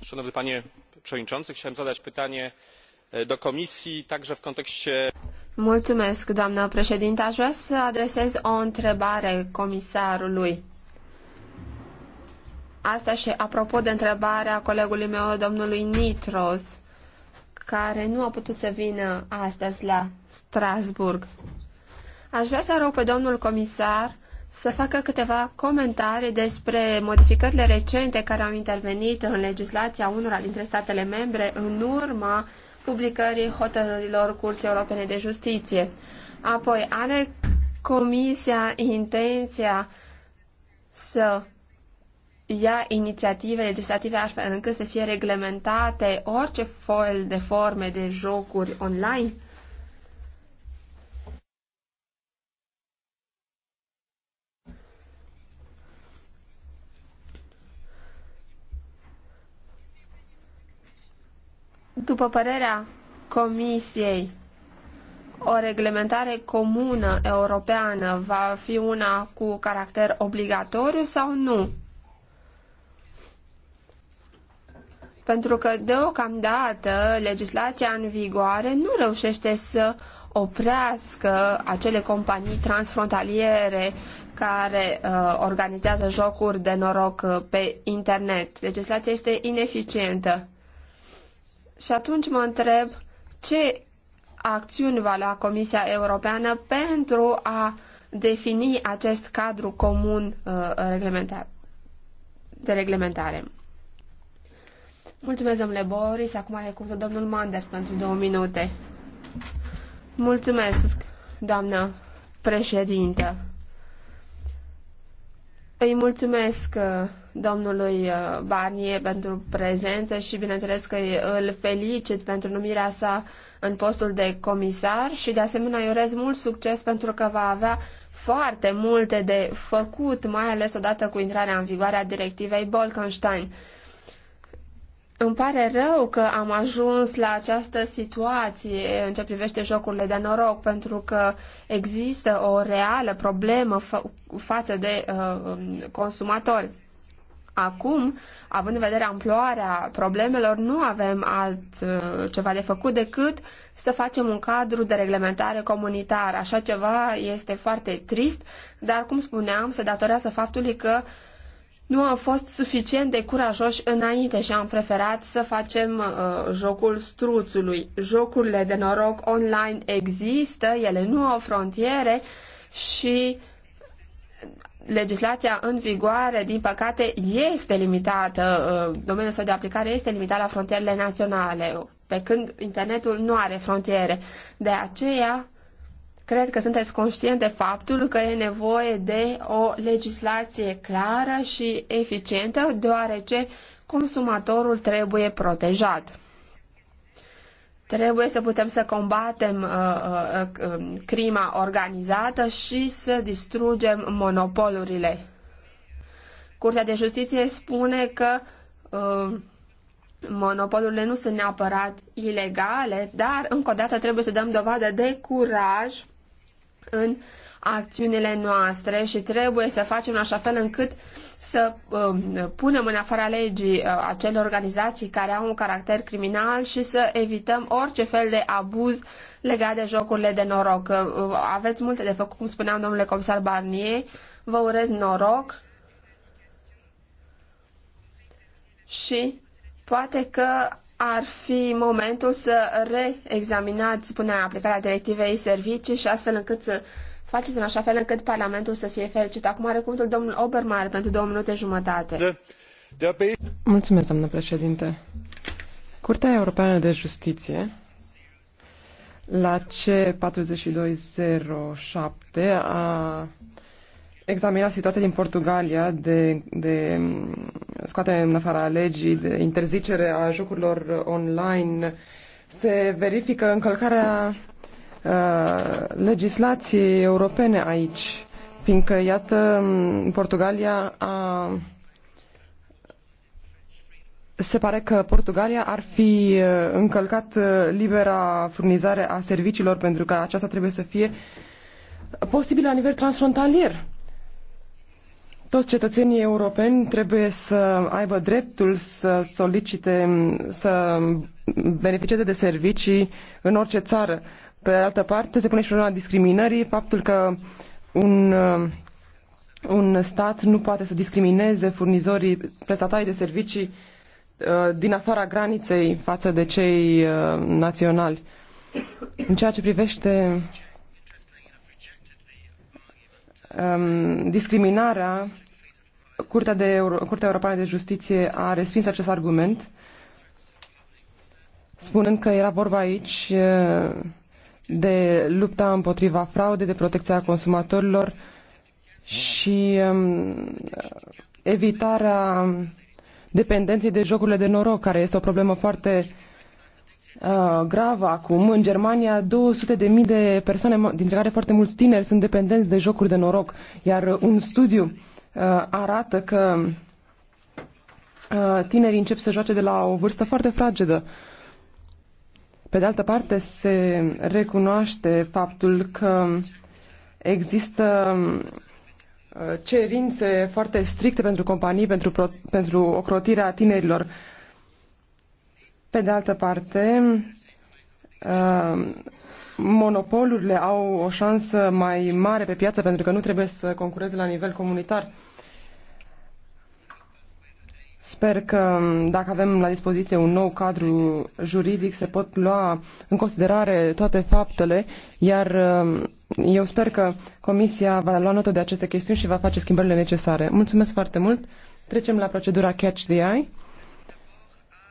Szanowny panie przewodniczący, chciałem zadać pytanie do komisji także w kontekście Mulțumesc, doamnă președintă. Aș vrea să adresez o întrebare comisarului. Asta și apropo de întrebarea colegului meu, domnului Nitros, care nu a putut să vină astăzi la Strasburg. Aș vrea să rog pe domnul comisar să facă câteva comentarii despre modificările recente care au intervenit în legislația unora dintre statele membre în urma publicării hotărârilor Curții Europene de Justiție. Apoi, are Comisia intenția să ia inițiative legislative astfel încât să fie reglementate orice fel de forme de jocuri online? După părerea Comisiei, o reglementare comună europeană va fi una cu caracter obligatoriu sau nu? Pentru că deocamdată legislația în vigoare nu reușește să oprească acele companii transfrontaliere care uh, organizează jocuri de noroc uh, pe internet. Legislația este ineficientă. Și atunci mă întreb ce acțiuni va lua Comisia Europeană pentru a defini acest cadru comun uh, de reglementare. Mulțumesc, domnule Boris. Acum are cuvântul domnul Manders pentru două minute. Mulțumesc, doamnă președintă. Îi mulțumesc uh, domnului uh, Barnier pentru prezență și bineînțeles că îl felicit pentru numirea sa în postul de comisar și de asemenea îi urez mult succes pentru că va avea foarte multe de făcut, mai ales odată cu intrarea în vigoare a directivei Bolkenstein. Îmi pare rău că am ajuns la această situație în ce privește jocurile de noroc, pentru că există o reală problemă fa- față de uh, um, consumatori. Acum, având în vedere amploarea problemelor, nu avem alt uh, ceva de făcut decât să facem un cadru de reglementare comunitar. Așa ceva este foarte trist, dar, cum spuneam, se datorează faptului că nu am fost suficient de curajoși înainte și am preferat să facem uh, jocul struțului. Jocurile de noroc online există, ele nu au frontiere și uh, legislația în vigoare, din păcate, este limitată, uh, domeniul său de aplicare este limitat la frontierele naționale, pe când internetul nu are frontiere. De aceea, cred că sunteți conștient de faptul că e nevoie de o legislație clară și eficientă, deoarece consumatorul trebuie protejat. Trebuie să putem să combatem uh, uh, uh, crima organizată și să distrugem monopolurile. Curtea de Justiție spune că uh, monopolurile nu sunt neapărat ilegale, dar încă o dată trebuie să dăm dovadă de curaj în acțiunile noastre și trebuie să facem așa fel încât să uh, punem în afara legii uh, acele organizații care au un caracter criminal și să evităm orice fel de abuz legat de jocurile de noroc. Uh, uh, aveți multe de făcut, cum spuneam domnule comisar Barnier, vă urez noroc și poate că ar fi momentul să reexaminați punerea în aplicare a directivei servicii și astfel încât să faceți în așa fel încât Parlamentul să fie fericit. Acum are cuvântul domnul Obermar pentru două minute jumătate. Mulțumesc, doamnă președinte. Curtea Europeană de Justiție la C4207 a examinat situația din Portugalia de, de scoatere în afara legii, de interzicere a jocurilor online. Se verifică încălcarea Uh, legislației europene aici, fiindcă, iată, Portugalia a se pare că Portugalia ar fi uh, încălcat uh, libera furnizare a serviciilor pentru că aceasta trebuie să fie posibil la nivel transfrontalier. Toți cetățenii europeni trebuie să aibă dreptul să solicite, să beneficieze de servicii în orice țară. Pe de altă parte, se pune și problema discriminării, faptul că un, uh, un stat nu poate să discrimineze furnizorii, prestatarii de servicii uh, din afara graniței față de cei uh, naționali. În ceea ce privește um, discriminarea, Curtea, de Euro- Curtea Europeană de Justiție a respins acest argument, spunând că era vorba aici uh, de lupta împotriva fraudei, de protecția consumatorilor și um, evitarea dependenței de jocurile de noroc, care este o problemă foarte uh, gravă acum. În Germania, 200 de mii de persoane, dintre care foarte mulți tineri, sunt dependenți de jocuri de noroc. Iar un studiu uh, arată că uh, tinerii încep să joace de la o vârstă foarte fragedă. Uh, pe de altă parte, se recunoaște faptul că există uh, cerințe foarte stricte pentru companii, pentru, pro, pentru ocrotirea tinerilor. Pe de altă parte, uh, monopolurile au o șansă mai mare pe piață pentru că nu trebuie să concureze la nivel comunitar. Sper că dacă avem la dispoziție un nou cadru juridic, se pot lua în considerare toate faptele, iar uh, eu sper că Comisia va lua notă de aceste chestiuni și va face schimbările necesare. Mulțumesc foarte mult. Trecem la procedura Catch the Eye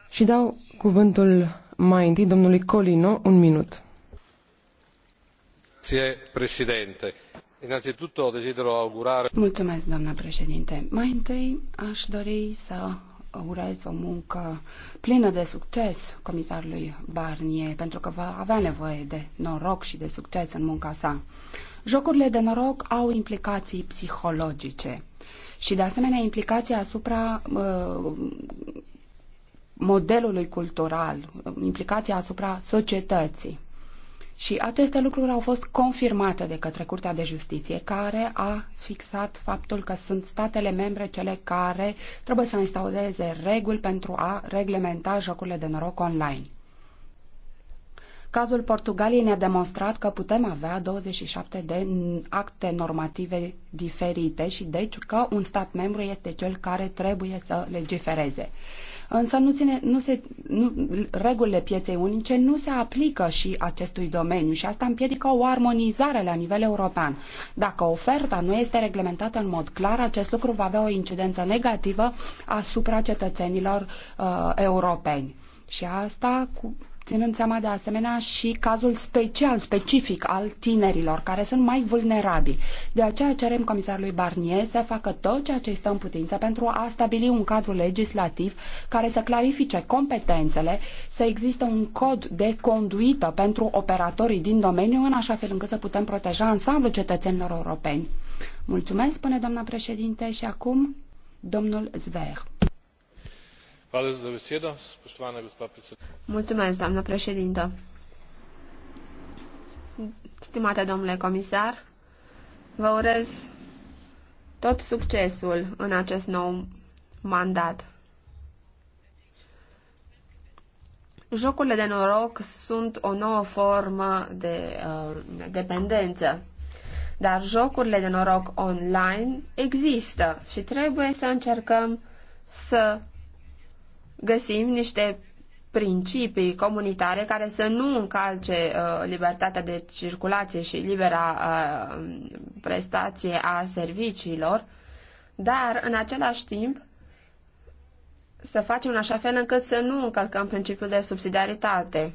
și dau cuvântul mai întâi domnului Colino, un minut. Grazie, președinte. Mai întâi aș dori să urez o muncă plină de succes comisarului Barnier, pentru că va avea nevoie de noroc și de succes în munca sa. Jocurile de noroc au implicații psihologice și, de asemenea, implicații asupra uh, modelului cultural, implicații asupra societății. Și aceste lucruri au fost confirmate de către Curtea de Justiție, care a fixat faptul că sunt statele membre cele care trebuie să instaureze reguli pentru a reglementa jocurile de noroc online. Cazul Portugaliei ne-a demonstrat că putem avea 27 de acte normative diferite și deci că un stat membru este cel care trebuie să legifereze. Însă nu ține, nu se, nu, regulile pieței unice nu se aplică și acestui domeniu și asta împiedică o armonizare la nivel european. Dacă oferta nu este reglementată în mod clar, acest lucru va avea o incidență negativă asupra cetățenilor uh, europeni. Și asta cu, ținând seama de asemenea și cazul special, specific al tinerilor, care sunt mai vulnerabili. De aceea cerem comisarului Barnier să facă tot ceea ce stă în putință pentru a stabili un cadru legislativ care să clarifice competențele, să existe un cod de conduită pentru operatorii din domeniu, în așa fel încât să putem proteja ansamblul cetățenilor europeni. Mulțumesc, spune doamna președinte, și acum domnul Zver. Mulțumesc, Stimate domnule comisar, vă urez tot succesul în acest nou mandat. Jocurile de noroc sunt o nouă formă de uh, dependență, dar jocurile de noroc online există și trebuie să încercăm să găsim niște principii comunitare care să nu încalce uh, libertatea de circulație și libera uh, prestație a serviciilor, dar în același timp să facem în așa fel încât să nu încălcăm principiul de subsidiaritate.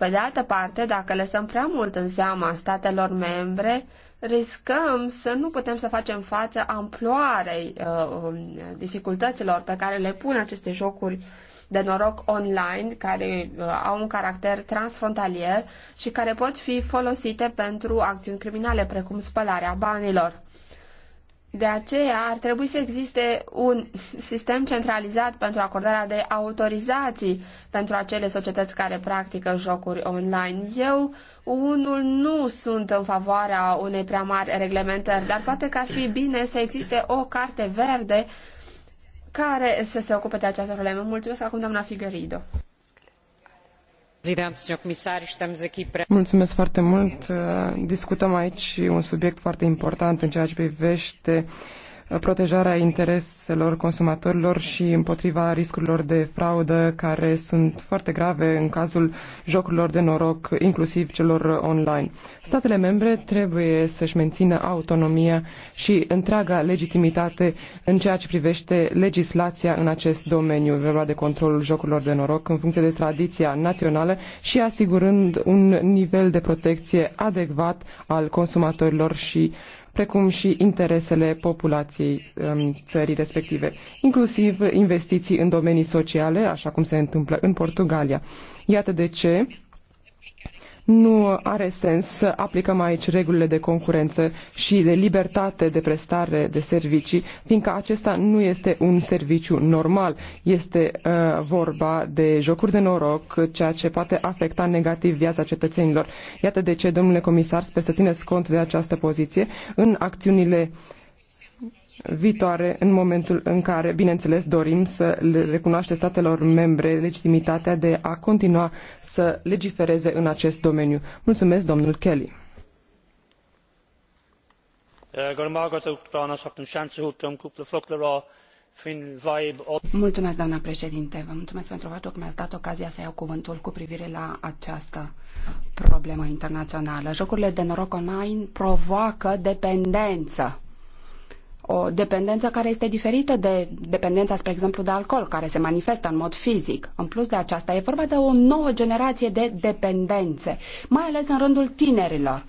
Pe de altă parte, dacă lăsăm prea mult în seama statelor membre, riscăm să nu putem să facem față amploarei uh, um, dificultăților pe care le pun aceste jocuri de noroc online, care uh, au un caracter transfrontalier și care pot fi folosite pentru acțiuni criminale, precum spălarea banilor. De aceea ar trebui să existe un sistem centralizat pentru acordarea de autorizații pentru acele societăți care practică jocuri online. Eu, unul, nu sunt în favoarea unei prea mari reglementări, dar poate că ar fi bine să existe o carte verde care să se ocupe de această problemă. Mulțumesc acum, doamna Figuerido. Discutăm aici un subiect foarte important în ceea ce privește protejarea intereselor consumatorilor și împotriva riscurilor de fraudă care sunt foarte grave în cazul jocurilor de noroc, inclusiv celor online. Statele membre trebuie să-și mențină autonomia și întreaga legitimitate în ceea ce privește legislația în acest domeniu, vorba de controlul jocurilor de noroc, în funcție de tradiția națională și asigurând un nivel de protecție adecvat al consumatorilor și precum și interesele populației um, țării respective, inclusiv investiții în domenii sociale, așa cum se întâmplă în Portugalia. Iată de ce nu are sens să aplicăm aici regulile de concurență și de libertate de prestare de servicii, fiindcă acesta nu este un serviciu normal. Este uh, vorba de jocuri de noroc, ceea ce poate afecta negativ viața cetățenilor. Iată de ce, domnule comisar, sper să țineți cont de această poziție în acțiunile uh, viitoare în momentul în care, bineînțeles, dorim să le recunoaște statelor membre legitimitatea de a continua să legifereze în acest domeniu. Mulțumesc, domnul Kelly. Mulțumesc, doamna președinte. Vă mulțumesc pentru faptul că mi-ați dat ocazia să iau cuvântul cu privire la această problemă internațională. Jocurile de noroc online provoacă dependență o dependență care este diferită de dependența, spre exemplu, de alcool, care se manifestă în mod fizic. În plus de aceasta, e vorba de o nouă generație de dependențe, mai ales în rândul tinerilor,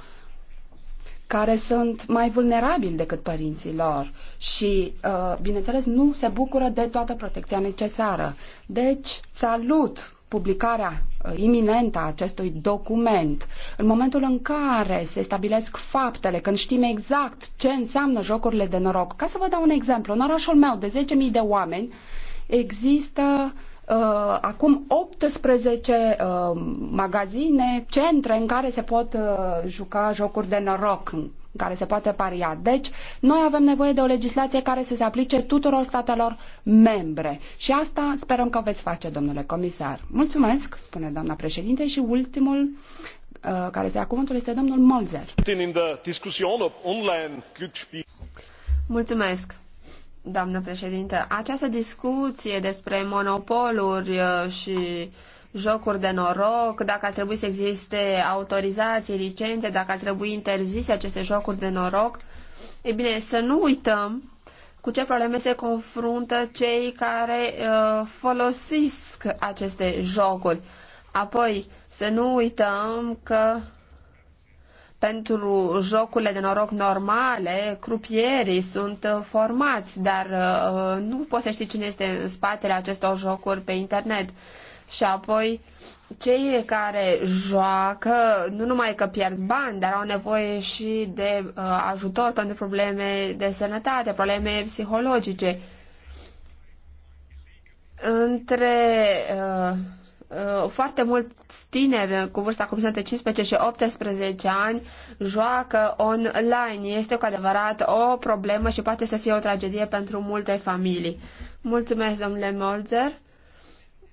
care sunt mai vulnerabili decât părinții lor și, uh, bineînțeles, nu se bucură de toată protecția necesară. Deci, salut publicarea uh, iminentă a acestui document, în momentul în care se stabilesc faptele, când știm exact ce înseamnă jocurile de noroc. Ca să vă dau un exemplu, în orașul meu de 10.000 de oameni există uh, acum 18 uh, magazine, centre în care se pot uh, juca jocuri de noroc, în care se poate paria. Deci, noi avem nevoie de o legislație care să se aplice tuturor statelor membre. Și asta sperăm că veți face, domnule comisar. Mulțumesc, spune doamna președinte, și ultimul uh, care se ia cuvântul este domnul Molzer. Mulțumesc. Doamnă președinte. această discuție despre monopoluri uh, și jocuri de noroc, dacă ar trebui să existe autorizații, licențe, dacă ar trebui interzise aceste jocuri de noroc. E bine, să nu uităm cu ce probleme se confruntă cei care uh, folosesc aceste jocuri. Apoi, să nu uităm că pentru jocurile de noroc normale, crupierii sunt uh, formați, dar uh, nu poți să știi cine este în spatele acestor jocuri pe internet și apoi cei care joacă nu numai că pierd bani, dar au nevoie și de uh, ajutor pentru probleme de sănătate, probleme psihologice. Între uh, uh, foarte mulți tineri cu vârsta cuprinsă între 15 și 18 ani joacă online. Este cu adevărat o problemă și poate să fie o tragedie pentru multe familii. Mulțumesc, domnule Molzer.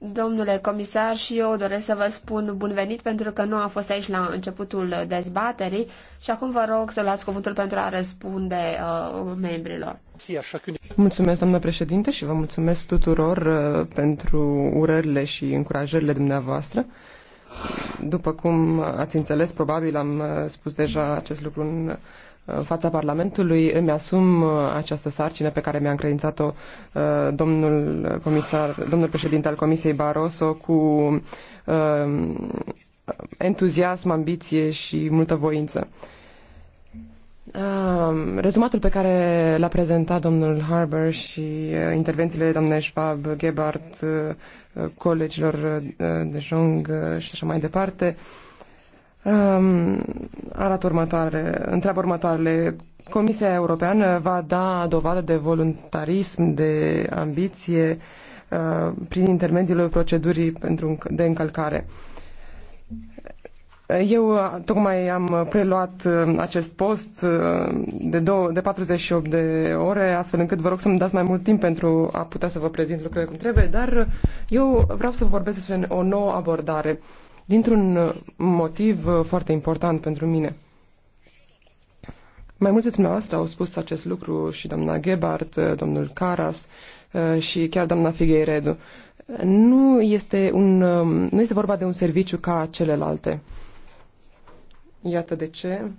Domnule comisar, și eu doresc să vă spun bun venit pentru că nu am fost aici la începutul dezbaterii și acum vă rog să luați cuvântul pentru a răspunde uh, membrilor. Mulțumesc, doamnă președinte, și vă mulțumesc tuturor uh, pentru urările și încurajările dumneavoastră. După cum ați înțeles, probabil am uh, spus deja acest lucru în fața Parlamentului îmi asum uh, această sarcină pe care mi-a încredințat-o uh, domnul comisar, domnul președinte al Comisiei Barroso cu uh, entuziasm, ambiție și multă voință. Rezumatul pe care l-a prezentat domnul Harbour și intervențiile doamnei Schwab, Gebhardt, colegilor de Jong și așa mai departe, um, arată următoare, întreabă următoarele. Comisia Europeană va da dovadă de voluntarism, de ambiție uh, prin intermediul procedurii pentru, de încălcare. Eu uh, tocmai am preluat uh, acest post uh, de, două, de 48 de ore, astfel încât vă rog să-mi dați mai mult timp pentru a putea să vă prezint lucrurile cum trebuie, dar eu vreau să vorbesc despre o nouă abordare. Uh, dintr-un uh, motiv uh, foarte important pentru mine. Mai mulți dintre dumneavoastră au spus acest lucru și doamna Gebhardt, uh, domnul Caras și chiar doamna Figueiredu. Nu este, un, um, nu este vorba de un serviciu ca celelalte. Iată de ce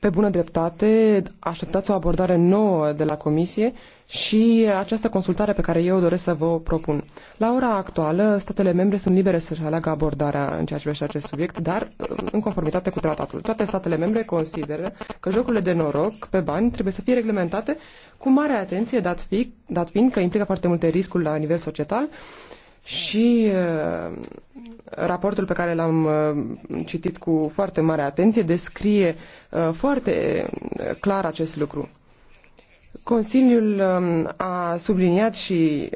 pe bună dreptate, așteptați o abordare nouă de la Comisie și această consultare pe care eu doresc să vă o propun. La ora actuală, statele membre sunt libere să-și aleagă abordarea în ceea ce privește acest subiect, dar în conformitate cu tratatul. Toate statele membre consideră că jocurile de noroc pe bani trebuie să fie reglementate cu mare atenție, dat, fi, dat fiind că implică foarte multe riscuri la nivel societal și uh, raportul pe care l-am uh, citit cu foarte mare atenție descrie uh, foarte clar acest lucru. Consiliul um, a subliniat și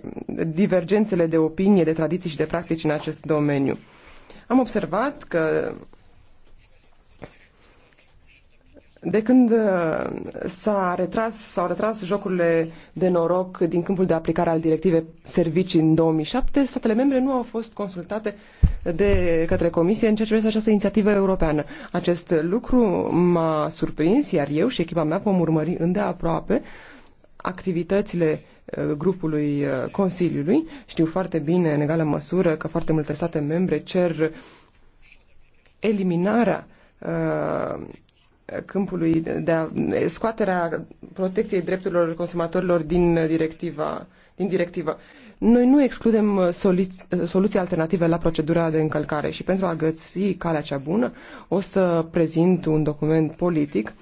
divergențele de opinie, de tradiții și de practici în acest domeniu. Am observat că De când uh, s-a retras, s-au retras jocurile de noroc din câmpul de aplicare al directivei servicii în 2007, statele membre nu au fost consultate de către Comisie în ceea ce privește această inițiativă europeană. Acest lucru m-a surprins, iar eu și echipa mea vom urmări îndeaproape activitățile uh, grupului uh, Consiliului. Știu foarte bine, în egală măsură, că foarte multe state membre cer eliminarea uh, câmpului, de a, scoaterea protecției drepturilor consumatorilor din directiva. Din directivă. Noi nu excludem soluții, soluții alternative la procedura de încălcare și pentru a găsi calea cea bună o să prezint un document politic.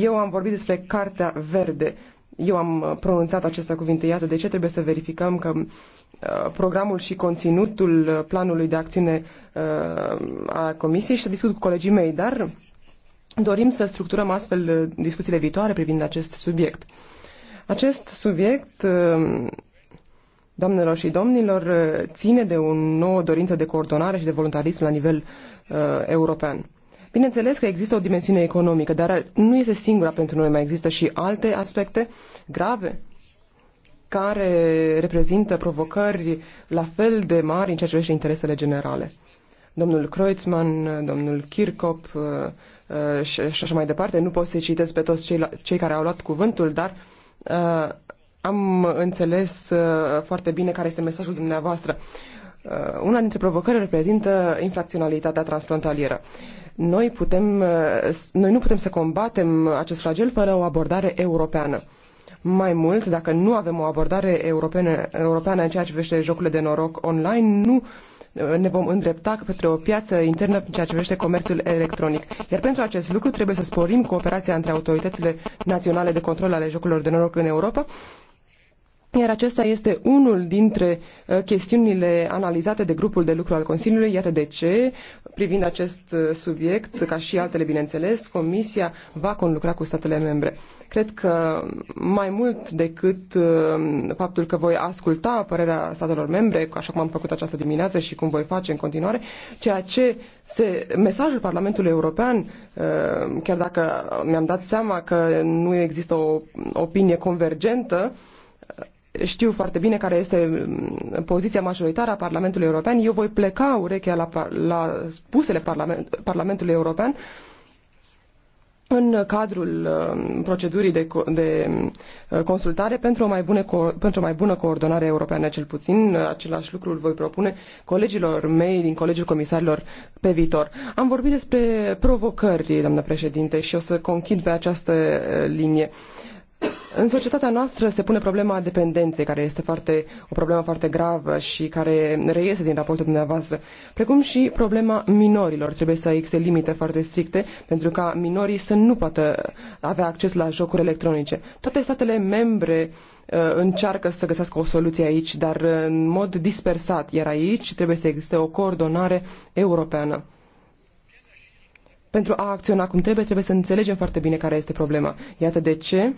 Eu am vorbit despre Cartea Verde. Eu am pronunțat aceste cuvinte. Iată de ce trebuie să verificăm că uh, programul și conținutul planului de acțiune uh, a Comisiei și să discut cu colegii mei, dar Dorim să structurăm astfel uh, discuțiile viitoare privind acest subiect. Acest subiect, uh, doamnelor și domnilor, uh, ține de o nouă dorință de coordonare și de voluntarism la nivel uh, european. Bineînțeles că există o dimensiune economică, dar nu este singura pentru noi, mai există și alte aspecte grave care reprezintă provocări la fel de mari în ceea ce privește interesele generale. Domnul Kreutzmann, domnul Kirchhoff, Uh, și, și așa mai departe. Nu pot să-i citesc pe toți cei, cei care au luat cuvântul, dar uh, am înțeles uh, foarte bine care este mesajul dumneavoastră. Uh, una dintre provocări reprezintă infracționalitatea transfrontalieră. Noi, putem, uh, noi nu putem să combatem acest flagel fără o abordare europeană. Mai mult, dacă nu avem o abordare europeană, europeană în ceea ce privește jocurile de noroc online, nu uh, ne vom îndrepta către o piață internă în ceea ce privește comerțul electronic. Iar pentru acest lucru trebuie să sporim cooperația între autoritățile naționale de control ale jocurilor de noroc în Europa, iar acesta este unul dintre uh, chestiunile analizate de grupul de lucru al Consiliului. Iată de ce, privind acest uh, subiect, ca și altele, bineînțeles, Comisia va conlucra cu statele membre. Cred că mai mult decât uh, faptul că voi asculta părerea statelor membre, așa cum am făcut această dimineață și cum voi face în continuare, ceea ce se, mesajul Parlamentului European, uh, chiar dacă mi-am dat seama că nu există o opinie convergentă, uh, știu foarte bine care este um, poziția majoritară a Parlamentului European. Eu voi pleca urechea la, la spusele Parlament, Parlamentului European în cadrul uh, procedurii de, de uh, consultare pentru o, mai bune, pentru o mai bună coordonare europeană, cel puțin uh, același lucru îl voi propune colegilor mei din Colegiul Comisarilor pe viitor. Am vorbit despre provocări, doamnă președinte, și o să conchid pe această linie. Uh, în societatea noastră se pune problema dependenței, care este foarte, o problemă foarte gravă și care reiese din raportul dumneavoastră, precum și problema minorilor. Trebuie să existe limite foarte stricte pentru ca minorii să nu poată avea acces la jocuri electronice. Toate statele membre uh, încearcă să găsească o soluție aici, dar uh, în mod dispersat, iar aici trebuie să existe o coordonare europeană pentru a acționa cum trebuie, trebuie să înțelegem foarte bine care este problema. Iată de ce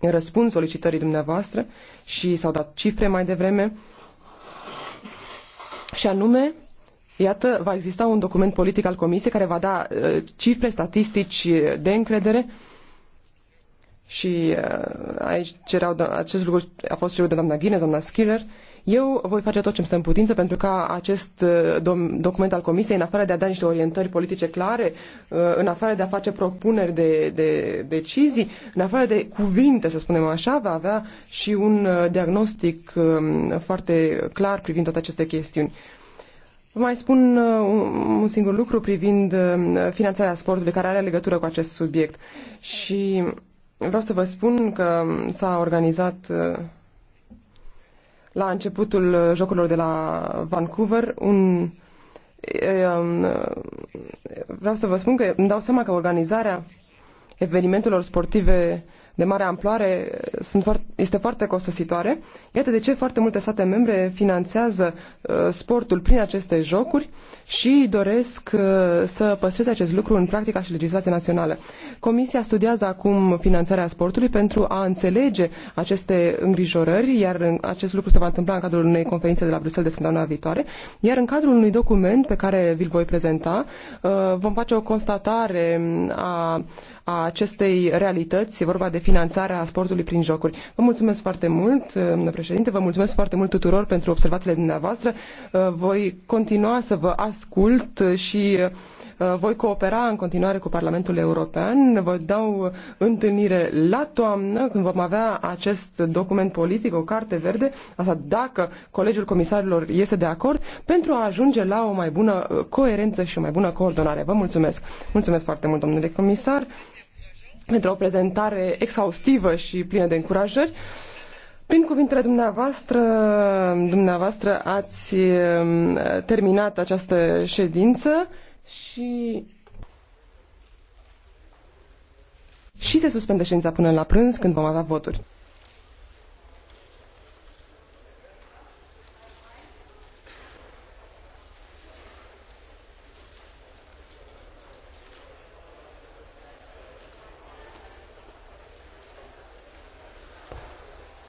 răspuns solicitării dumneavoastră și s-au dat cifre mai devreme. Și anume, iată, va exista un document politic al Comisiei care va da uh, cifre, statistici de încredere și uh, aici cereau, acest lucru a fost cerut de doamna Ghine, doamna Schiller, eu voi face tot ce îmi stă în putință pentru ca acest uh, document al Comisiei, în afară de a da niște orientări politice clare, uh, în afară de a face propuneri de, de decizii, în afară de cuvinte, să spunem așa, va avea și un uh, diagnostic um, foarte clar privind toate aceste chestiuni. Mai spun un singur lucru privind finanțarea sportului care are legătură cu acest subiect. Și vreau să vă spun că s-a organizat la începutul uh, jocurilor de la Vancouver, un um, vreau să vă spun că îmi dau seama că organizarea evenimentelor sportive de mare amploare sunt foarte, este foarte costositoare. Iată de ce foarte multe state membre finanțează uh, sportul prin aceste jocuri și doresc uh, să păstreze acest lucru în practica și legislația națională. Comisia studiază acum finanțarea sportului pentru a înțelege aceste îngrijorări, iar acest lucru se va întâmpla în cadrul unei conferințe de la Bruxelles de săptămâna viitoare, iar în cadrul unui document pe care vi-l voi prezenta, uh, vom face o constatare mm, a a acestei realități. E vorba de finanțarea sportului prin jocuri. Vă mulțumesc foarte mult, domnule președinte, vă mulțumesc foarte mult tuturor pentru observațiile dumneavoastră. Uh, voi continua să vă ascult și uh, voi coopera în continuare cu Parlamentul European. Vă dau întâlnire la toamnă, când vom avea acest document politic, o carte verde, asta dacă Colegiul Comisarilor este de acord, pentru a ajunge la o mai bună uh, coerență și o mai bună coordonare. Vă mulțumesc! Mulțumesc foarte mult, domnule comisar! pentru o prezentare exhaustivă și plină de încurajări. Prin cuvintele dumneavoastră, dumneavoastră ați um, terminat această ședință și și se suspendă ședința până la prânz când vom avea voturi.